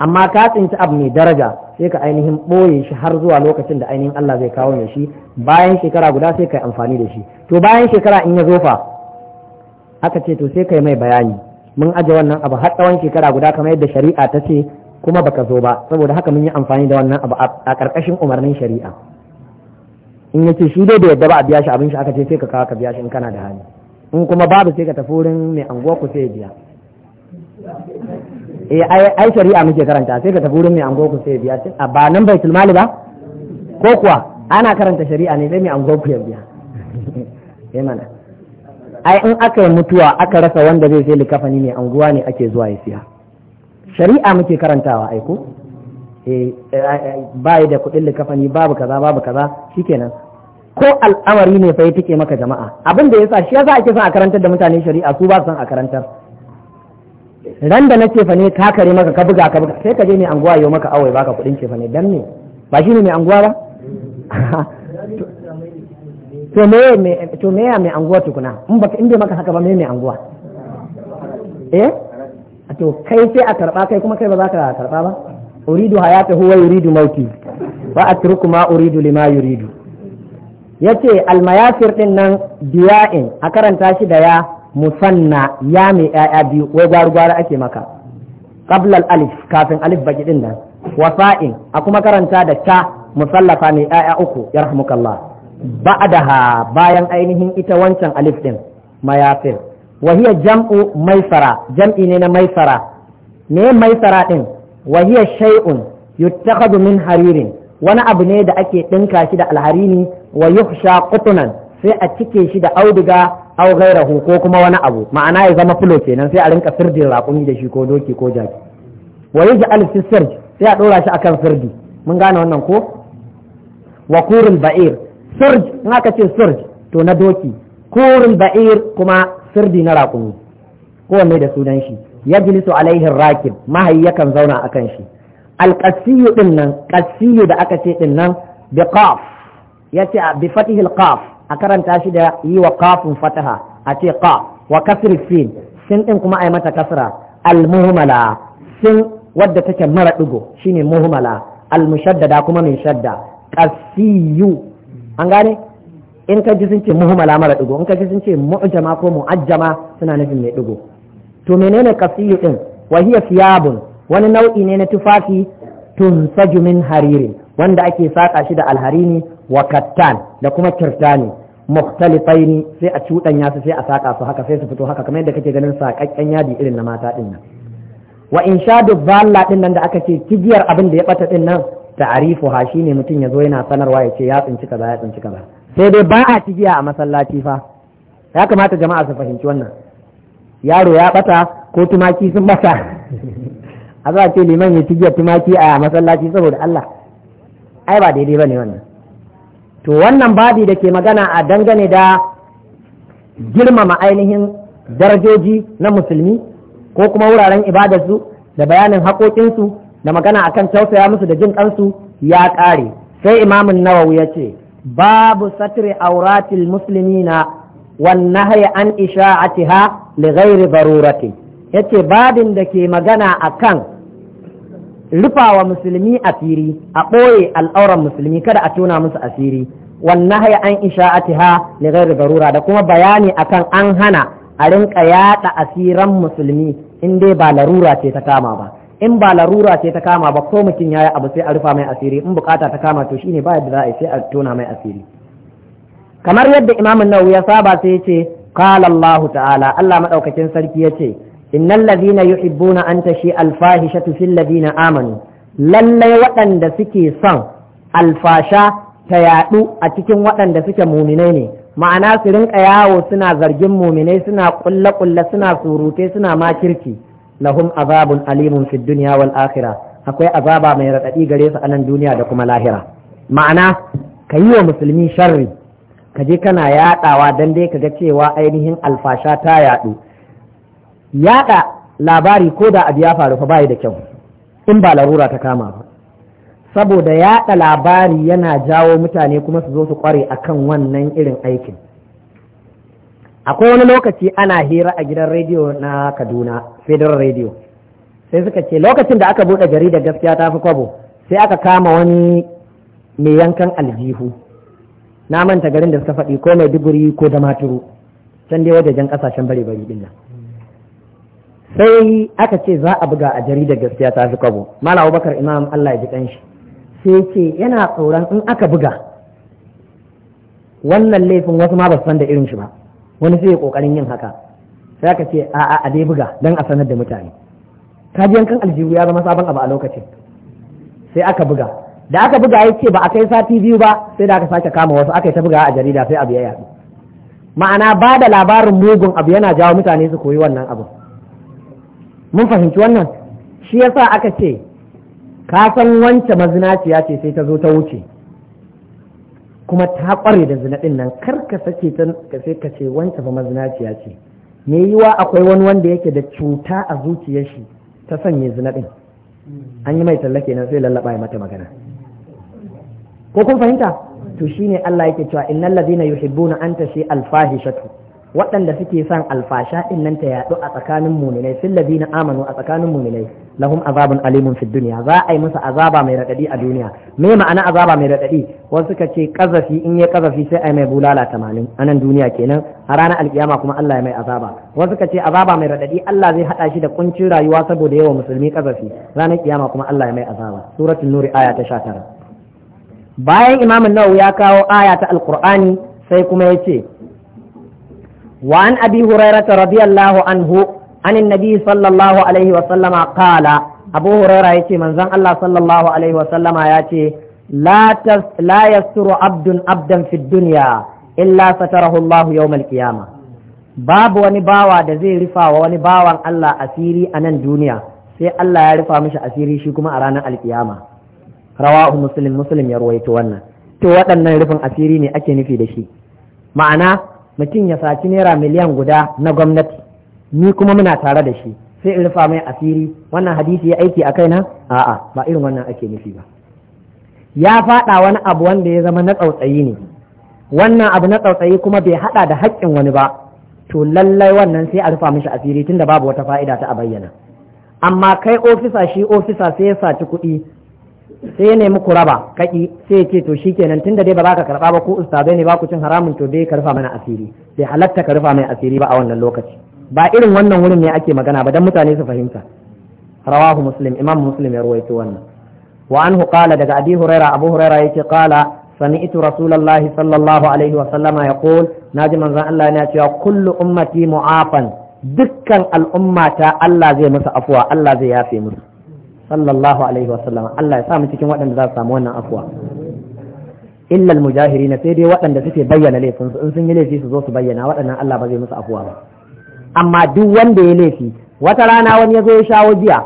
amma ka tsinci abu mai daraja sai ka ainihin ɓoye shi har zuwa lokacin da ainihin Allah zai kawo mai shi bayan shekara guda sai ka yi amfani da shi to bayan shekara in ya zo fa aka ce to sai ka yi mai bayani mun aje wannan abu har tsawon shekara guda kamar yadda shari'a ta ce kuma baka zo ba saboda haka mun yi amfani da wannan abu a ƙarƙashin umarnin shari'a in yace shi dai da yadda ba a biya shi abin shi aka ce sai ka kawo ka biya shi in kana da hali in kuma babu sai ka tafi wurin mai anguwa ku sai biya eh ai shari'a muke karanta sai ka tafi wurin mai anguwa ku sai biya a ba nan baitul mali ba ko kuwa ana karanta shari'a ne sai mai anguwa ku ya biya [LAUGHS] eh mana ai in aka yi mutuwa aka rasa wanda zai sai likafani ne anguwa ne ake zuwa ya siya shari'a muke karantawa aiko eh, eh, eh, ba da kuɗin likafani babu kaza babu kaza shikenan ko al'amari ne fa ya tike maka jama'a abin da yasa shi yasa ake son a karantar da mutane shari'a su ba son a karantar ran da na ce fa ne ka kare maka ka buga ka buga sai ka je mai anguwa yau maka awai baka kuɗin ce fa ne dan ne ba shine mai anguwa ba [LAUGHS] to me me to me ya mai anguwa tukuna in baka inda maka haka ba me me anguwa eh to kai sai a karba kai kuma kai ba za ka karba ba uridu hayata huwa yuridu mauti wa atruku ma uridu lima yuridu yace mayasir din nan biya'in a karanta shi da ya musanna ya mai ya'ya biyu wai gwaru gwara ake maka qablal alif kafin alif baki din nan wasa'in a kuma karanta da ta musallafa mai ya'ya uku yarhamukallah ba'daha bayan ainihin ita wancan alif din mayafir wa hiya jam'u maisara jam'i ne na maisara me maisara din wa hiya shay'un yuttakhadhu min haririn wani abu ne da ake dinka shi da alharini wa yuhsha sai a cike shi da auduga aw ghairahu ko kuma wani abu ma'ana ya zama fulo kenan sai a rinka firdin rakumi da shi ko doki ko jaki wa yaj'al fi sirj sai a dora shi akan firdi mun gane wannan ko wa ba'ir surj in aka ce surj to na doki kurin ba'ir kuma sirdi na raƙumi kowanne da sunan shi yajlisu alaihin rakib mahayyakan yakan zauna kan shi alƙasiyu din nan ƙasiyu da aka ce din nan bi ce a bi fatihil qaf a karanta shi da yi wa qafun fataha a ce qaf wa kasri sin sin din kuma yi mata kasra al sin wadda take mara ɗigo shine muhmala al kuma mai shadda qasiyu an gane in ka ji sun ce muhimmala mara digo in ka ji sun ce mu'jama ko mu'ajjama suna nufin mai digo to menene kasiyu din wa hiya wani nau'i ne na tufafi tunsaju min haririn wanda ake saka shi da alharini wa kattan da kuma kirtani mukhtalifaini sai a cuɗanya su sai a saka su haka sai su fito haka kamar yadda kake ganin sakakken yadi irin na mata din nan wa in sha dhalla din nan da aka ce kigiyar abin da ya bata din nan ta'arifu shi ne mutum yazo yana sanarwa ya ce ya tsinci kaza ya tsinci kaza sai dai ba a a masallaci fa ya kamata jama'a su fahimci wannan yaro ya bata ko tumaki sun bata [LAUGHS] a za a ce liman ya tigiya tumaki a masallaci saboda Allah ai ba daidai bane wannan to wannan babi da ke magana a dangane da girmama ainihin darajoji na musulmi ko kuma wuraren ibadarsu da bayanin haƙoƙinsu da magana akan tausaya musu da jin kansu ya ƙare sai imamin nawawi ya ce babu satri auratil muslimina na nahyi an isha'atiha li ghairi ya yace babin da ke magana akan rufawa musulmi asiri a ɓoye al'auran musulmi kada a tona musu asiri wan nahyi an isha li ghairi darura da kuma bayani akan an hana a rinka yaɗa asiran musulmi in dai ba larura ce ta kama ba in ba larura ce ta kama ba ko mutum ya yi abu sai a rufa mai asiri in bukata ta kama to shine ba yadda za a yi sai a tona mai asiri kamar yadda Imamin Nawawi ya saba sai ya ce qala Allah ta'ala Allah madaukakin sarki ya ce innal ladhina yuhibbuna an tashi al-fahishatu fil ladina amanu lallai waɗanda suke son alfasha ta yaɗu a cikin waɗanda suke muminai ne ma'ana su rinka yawo suna zargin muminai suna ƙulle kulle suna surute suna makirci lahum azabun alimun fi dunya wal akhirah akwai azaba mai raɗaɗi gare su a nan duniya da kuma lahira ma'ana ka yi wa musulmi sharri ka je kana yaɗawa dan dai ka ga cewa ainihin alfasha ta yaɗu yaɗa labari ko da abu ya faru fa bai da kyau in ba larura ta kama ba saboda yaɗa labari yana jawo mutane kuma su zo su kware akan wannan irin aikin akwai wani lokaci ana hira a gidan rediyo na kaduna federal radio sai suka ce lokacin da aka buɗe jaridar gaskiya ta fi kwabo sai aka kama wani mai yankan aljihu na manta garin da suka faɗi ko mai duburi ko da maturu can dai wajajen ƙasashen bare bari din nan sai aka ce za a buga a jaridar gaskiya ta fi kwabo malam abubakar imam allah ya ji kanshi sai ce yana tsoron in aka buga wannan laifin wasu ma ba su san da irin shi ba wani zai kokarin yin haka sai ka ce a'a a dai buga dan a sanar da mutane kaji yankan aljihu ya zama sabon abu a lokacin sai aka buga da aka buga ya ce ba a kai sati biyu ba sai da aka sake kama wasu aka yi ta buga a jarida sai abu ya yaɗu ma'ana ba da labarin mugun abu yana jawo mutane su koyi wannan abu mun fahimci wannan shi yasa aka ce ka san wance mazinaciya ce sai ta zo ta wuce kuma ta kware da zina ɗin nan kar ka sake ta ka sai ka ce wancan ba mazinaciya ce me yiwa akwai wani wanda yake da cuta a zuciyar shi ta sanya zina ɗin an yi mai tallake nan sai lallaba ya mata magana ko kun fahimta to shine Allah yake cewa innal ladina yuhibbuna an tashi alfahishatu waɗanda suke son alfasha ɗin nan ta yaɗu a tsakanin muminai fil na amanu a tsakanin muminai lahum azabun alimun fid dunya za a yi masa azaba mai raɗaɗi a duniya me ma'ana azaba mai raɗaɗi? wasu suka ce ƙazafi, in ya kazafi sai yi mai bulala tamanin, a nan duniya kenan a ranar alkiyama kuma Allah ya mai azaba wasu suka ce azaba mai raɗaɗi, Allah zai haɗa shi da kuncin rayuwa saboda yawa musulmi ƙazafi, ranar kiyama kuma Allah ya mai azaba suratul nur aya ta 19 bayan imamin nawawi ya kawo aya ta alqur'ani sai kuma ya ce وعن أبي هريرة رضي الله عنه عن النبي صلى الله عليه وسلم قال أبو هريرة يتي من زن الله صلى الله عليه وسلم يأتي لا, تس لا يستر عبد عبدا في الدنيا إلا ستره الله يوم القيامة باب ونباوة دزي رفا ونباوة الله أسيري أنا الدنيا sai Allah ya rufa mishi asiri shi kuma a ranar alkiyama rawahu muslim muslim ya ruwaito wannan to waɗannan rufin asiri ne ake nufi da shi ma'ana mutum ya saci naira miliyan guda na gwamnati ni kuma muna tare da shi sai in rufa mai asiri wannan hadisi ya aiki a kaina a'a ba irin wannan ake nufi ba ya faɗa wani abu wanda ya zama na tsautsayi ne wannan abu na tsautsayi kuma bai haɗa da haƙƙin wani ba to lallai wannan sai a rufa mishi asiri tunda babu wata fa'ida ta a bayyana amma kai ofisa shi ofisa sai ya saci kuɗi sai ya nemi ku raba kaki sai ya ce to tun tunda dai ba za ka karba ba ko ustazai ne ba ku cin haramun to dai ka rufa mana asiri sai halatta ka rufa mai asiri ba a wannan lokaci ba irin wannan wurin ne ake magana ba dan mutane su fahimta rawahu muslim imam muslim ya ruwaito wannan wa anhu qala daga abi huraira abu huraira yace qala sami'tu rasulullahi sallallahu alaihi wa sallama yaqul naji manzon Allah yana cewa kullu ummati mu'afan dukkan al'ummata Allah zai musu afuwa Allah zai yafe musu sallallahu alaihi sallama. Allah ya sa mu cikin waɗanda za su samu wannan afuwa illa almujahirina sai dai waɗanda suke bayyana laifin su in sun yi laifi su zo su bayyana waɗannan Allah ba zai musu afuwa ba amma duk wanda ya laifi wata rana wani ya zo ya shawo giya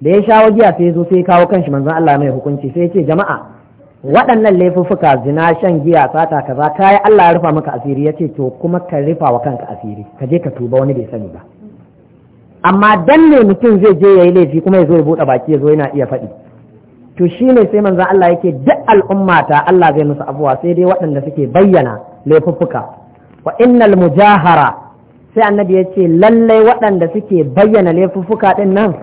da ya shawo giya sai ya zo sai ya kawo kanshi manzon Allah mai hukunci sai ya ce jama'a waɗannan laifuffuka zina shan giya sata kaza kai Allah ya rufa maka asiri ya ce to kuma ka rufa wa kanka asiri ka je ka tuba wani bai sani ba amma dan ne mutum zai je yayi laifi kuma ya zo ya buɗe baki ya zo yana iya faɗi to shi ne sai manzan Allah yake duk al'umma ta Allah zai musu abuwa sai dai waɗanda suke bayyana laifuffuka wa innal mujahara sai annabi ya ce lallai waɗanda suke bayyana laifuffuka ɗin nan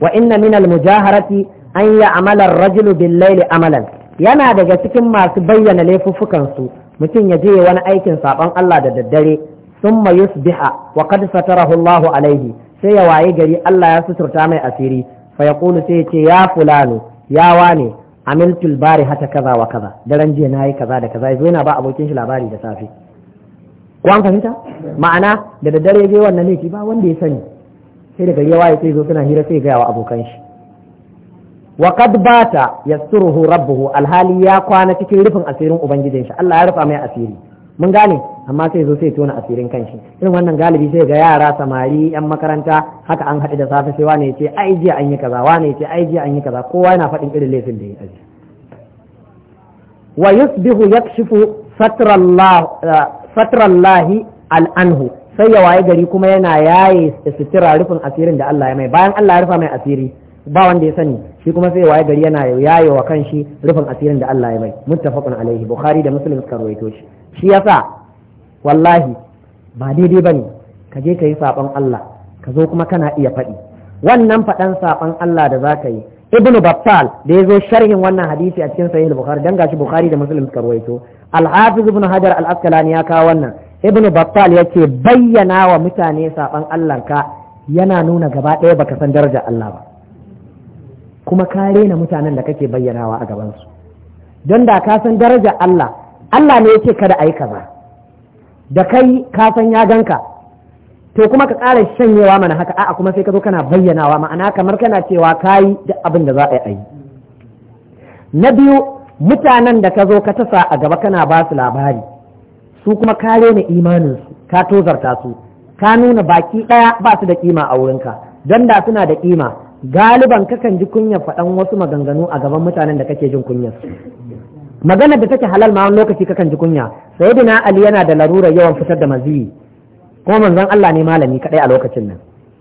wa inna minal mujaharati an yi amalar rajulu bil laili amalan yana daga cikin masu bayyana laifuffukan su mutum ya je wani aikin saɓon Allah da daddare summa yusbiha wa qad satarahu Allah alaihi sai ya waye gari Allah ya suturta mai asiri fa ya kulu sai ce ya fulano ya wane amiltul bari hata kaza wa kaza daren jiya nayi kaza da kaza yazo yana ba abokin shi labari da safe ko an fahimta ma'ana da daddare je wannan laifi ba wanda ya sani sai da gari ya waye sai zo suna hira sai gaya wa abokan shi wa qad bata yasturuhu rabbuhu alhali ya kwana cikin rufin asirin ubangijin shi Allah ya rufa mai asiri mun gane amma sai zo sai tona asirin kanshi irin wannan galibi sai ga yara samari yan makaranta haka an haɗu da safe sai wane ce ai jiya an yi kaza wane ce ai jiya an yi kaza kowa yana faɗin irin laifin da ya yi wa yusbihu yakshifu eh, satrallahi al'anhu sai ya waye gari kuma yana yaye sutura rufin asirin da Allah ya mai bayan Allah ya rufa mai asiri ba wanda ya sani shi kuma sai ya waye gari yana yaye wa kanshi rufin asirin da Allah ya mai muttafaqun alaihi bukhari da muslim suka rawaito shi shi yasa wallahi ba daidai ne ka je ka yi saɓon Allah ka zo kuma kana iya faɗi wannan faɗan saɓon Allah da za ka yi ibnu battal da ya zo sharhin wannan hadisi a cikin sahih bukhari dan gashi bukhari da muslim suka rawaito al-hafiz ibn hajar al-asqalani ya kawo wannan ibnu battal ce bayyana wa mutane saɓon Allah ka yana nuna gaba ɗaya baka san darajar Allah ba kuma ka rena mutanen da kake bayyanawa a gabansu don da ka san darajar Allah Allah ne ya ce kada a yi kaza da kai ka san ya ganka to kuma ka ƙara shanyewa mana haka a'a kuma sai ka zo kana bayyanawa ma'ana kamar kana cewa ka yi da abin da za a yi na biyu mutanen da ka zo ka tasa a gaba kana ba su labari su kuma kare na imaninsu ka tozarta su ka nuna baki ɗaya ba su da kima a wurinka don da suna da kima galiban kakan ji kunyar faɗan wasu maganganu a gaban mutanen da kake jin kunyar su maganar da take halal ma wani lokaci kakan ji kunya sayyidina ali yana da larura yawan fitar da maziyi kuma manzon Allah ne malami kadai a lokacin nan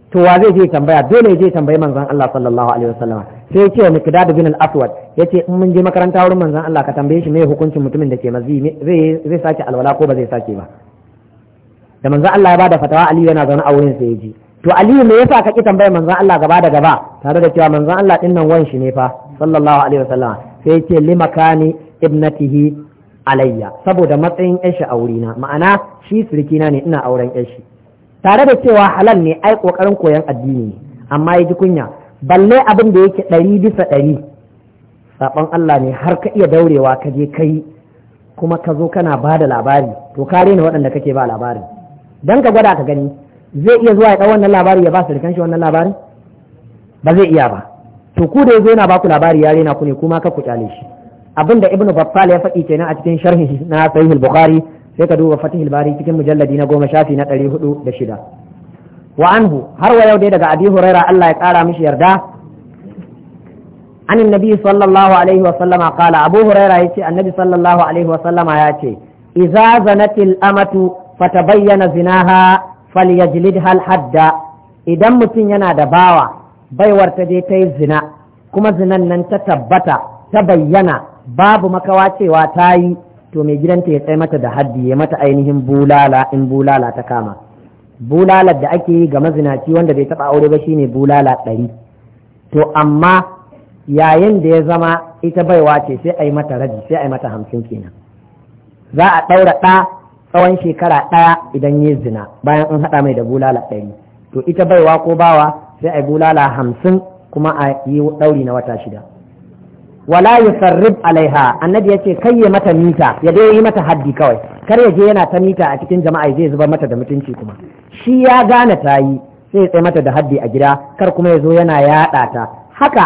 to wa zai je tambaya dole zai tambayi manzon Allah sallallahu alaihi wasallam sai ya ce wa miqdad bin al-aswad yace in mun je makaranta wurin manzon Allah ka tambaye shi me hukuncin mutumin da ke maziyi zai zai sake alwala ko ba zai sake ba da manzon Allah ya bada fatawa Ali yana zaune a wurin sa ya ji to Ali me yasa ka ki tambayar manzon Allah gaba da gaba tare da cewa manzon Allah din nan wanshi ne fa sallallahu alaihi wasallam sai ya ce limakani ibnatihi alayya saboda matsayin yashi a wurina ma'ana shi sirikina ne ina auren yashi tare da cewa halal ne ai kokarin koyan addini ne amma ya ji kunya balle abin da yake ɗari bisa ɗari saɓon Allah ne har ka iya daurewa ka je kai kuma ka zo kana ba da labari to ka rena waɗanda kake ba labari dan ka gwada ka gani zai iya zuwa ya ɗau wannan labari ya ba su shi wannan labarin ba zai iya ba to ku da zo yana ba ku labari ya rena ku ne kuma ka ku kyale shi abinda ibnu battal ya faɗi kenan a cikin sharhin na sahih al-bukhari sai ka duba fatih al-bari cikin mujalladi na goma shafi na ɗari hudu da shida wa anhu har wa yau dai daga abi huraira Allah ya ƙara mishi yarda عن النبي صلى الله عليه وسلم قال أبو هريرة يتي النبي صلى الله عليه وسلم يأتي إذا زنت الأمة فتبين زناها فليجلدها الحد إذا متين ينا دباوة baiwar ta dai ta yi zina kuma zinan nan ta tabbata ta bayyana babu makawa cewa ta yi to mai gidanta ya tsaye mata da haddi ya mata ainihin bulala in bulala ta kama bulalar da ake yi ga mazinaci wanda bai taɓa aure ba shine bulala ɗari to amma yayin da ya zama ita baiwa ce sai a yi mata raji sai a yi mata hamsin kenan za a ɗaura ɗa tsawon shekara ɗaya idan ya zina bayan an haɗa mai da bulala ɗari to ita baiwa ko bawa sai a yi bulala hamsin kuma a yi ɗauri na wata shida wala yusarrib alaiha annabi yace kai ya mata mita ya dai yi mata haddi kawai kar ya je yana ta mita a cikin jama'a zai zubar mata da mutunci kuma shi ya gane ta yi sai ya tsaye mata da haddi a gida kar kuma ya zo yana yaɗa ta haka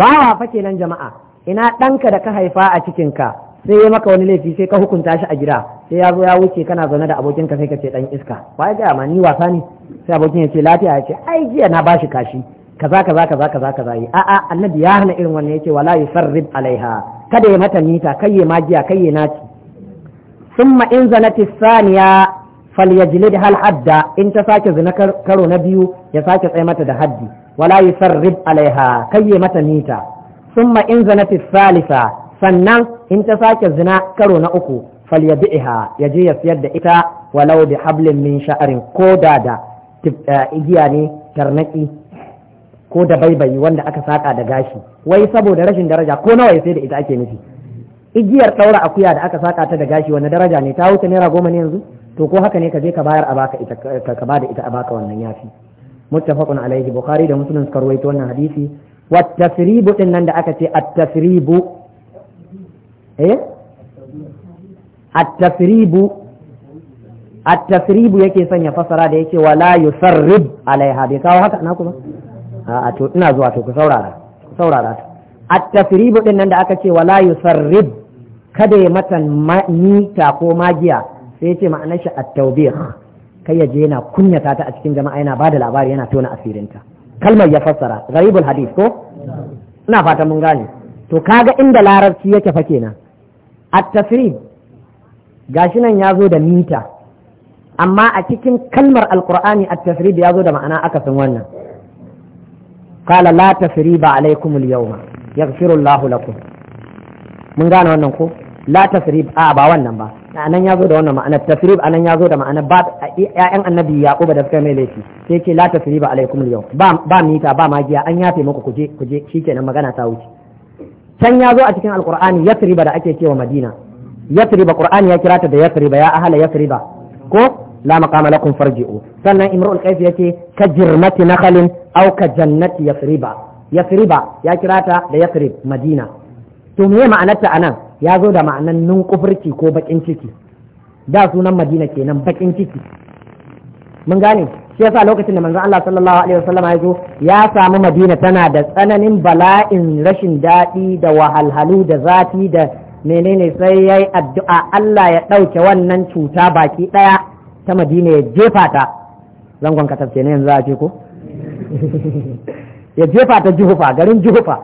wa fa kenan jama'a ina ɗanka da ka haifa a cikin ka sai ya maka wani laifi sai ka hukunta shi a gida sai ya zo ya wuce kana zaune da abokinka sai ka ce dan iska wai ya ma ni wasa ne sai abokin ya ce lafiya ya ce ai jiya na bashi kashi kaza kaza kaza kaza kaza yi a'a annabi ya hana irin wannan yace wala yusarrib alaiha kada ya mata nita kayye magiya kayye naci summa in zanati thaniya falyajlid hal hadda in ta sake zina karo na biyu ya sake tsaye mata da haddi wala yusarrib alaiha kayye mata nita summa in zanati thalitha sannan in ta sake zina karo na uku ya je ya siyar da ita walau bi hablin min sharin ko da da eh, igiya ne tarnaki ko da baibayi wanda aka saka da gashi wai saboda rashin daraja ko nawa sai da ita ake nufi igiyar ɗaura akuya da aka saka ta da gashi wanda daraja ne ta wuce naira goma ne yanzu to ko haka ne ka je ka bayar a baka ita ka bada ita a baka wannan yafi muttafaqun Alayhi bukhari da muslim suka rawaito wannan hadisi wa tasribu din nan da aka ce at-tasribu eh at-tasribu at-tasribu yake sanya fasara da yake wala yusarrib alaiha bai kawo haka na kuma a to ina zuwa to ku saurara ku saurara at tafribu din nan da aka ce wala yusarrib kada ya mata mita ko magiya sai ya ce ma'anar shi at tawbih kai ya je yana kunyata ta a cikin jama'a yana bada labari yana tona asirinta kalmar ya fassara gharibul hadith ko ina fata mun gane to kaga inda larabci yake fa kenan at tafrib gashi nan ya zo da mita amma a cikin kalmar alqur'ani at tafrib ya zo da ma'ana akasin wannan qala la tasriba alaikum al-yawma yaghfiru Allahu lakum mun gane wannan ko la ba a ba wannan ba anan ya zo da wannan ma'anar tasrib anan ya zo da ma'anar ba ƴaƴan annabi yaquba da suka mai laifi sai ce la tasriba alaikum al-yawm ba ba mita ba magiya an yafe muku kuje kuje shikenan magana ta wuce can ya zo a cikin Alƙur'ani ya alqur'ani ba da ake cewa madina ya ba ƙur'ani ya kirata da ya ba ya ahala ba ko la maqama lakum farji'u sannan imrul qais yace ka jirmati nakhalin aw ka jannati yasriba yasriba ya kirata da yasrib madina to me ma'anarta anan ya zo da ma'anan nun ko bakin ciki da sunan madina kenan bakin ciki mun gane shi yasa lokacin da manzon Allah sallallahu alaihi wasallam ya zo ya samu madina tana da tsananin bala'in rashin daɗi da wahalhalu da zafi da menene sai yayi addu'a Allah ya ɗauke wannan cuta baki ɗaya ta madina ya jefa ta zangon katab kenan yanzu za a ce ko [LAUGHS] ya jefa ta juhufa garin juhufa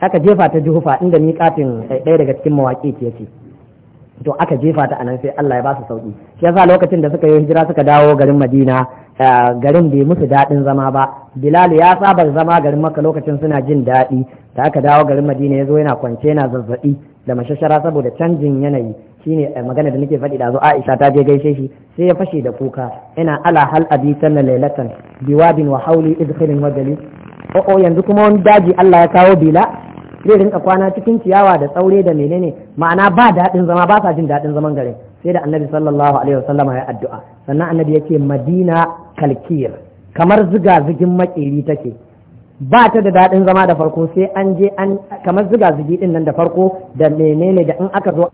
aka jefa ta juhufa inda ni miƙatin ɗaya daga cikin mawaki ke ce to aka jefa ta anan sai Allah ya ba su sauki shi yasa lokacin da suka yi hijira suka dawo garin Madina eh, garin bai musu daɗin zama ba Bilal ya saba zama garin Makka lokacin suna jin daɗi da aka dawo garin Madina ya zo yana kwance yana zazzabi da mashashara saboda canjin yanayi shine eh, magana da nake faɗi da zo Aisha ta je gaishe shi sai ya fashe da kuka ina ala hal abi sanna lailatan biwadin wa hawli idkhilin wa o oh, oh, yanzu kuma wani daji Allah ya kawo bila zai rinka kwana cikin ciyawa da tsaure da menene ma'ana ba daɗin zama ba sa jin daɗin zaman garin sai da annabi sallallahu alaihi wasallam ya addu'a sannan annabi yake madina kalkir kamar ziga zigin makeri take ba ta da daɗin zama da farko sai an je an kamar ziga zigi din nan da farko da menene da in aka zo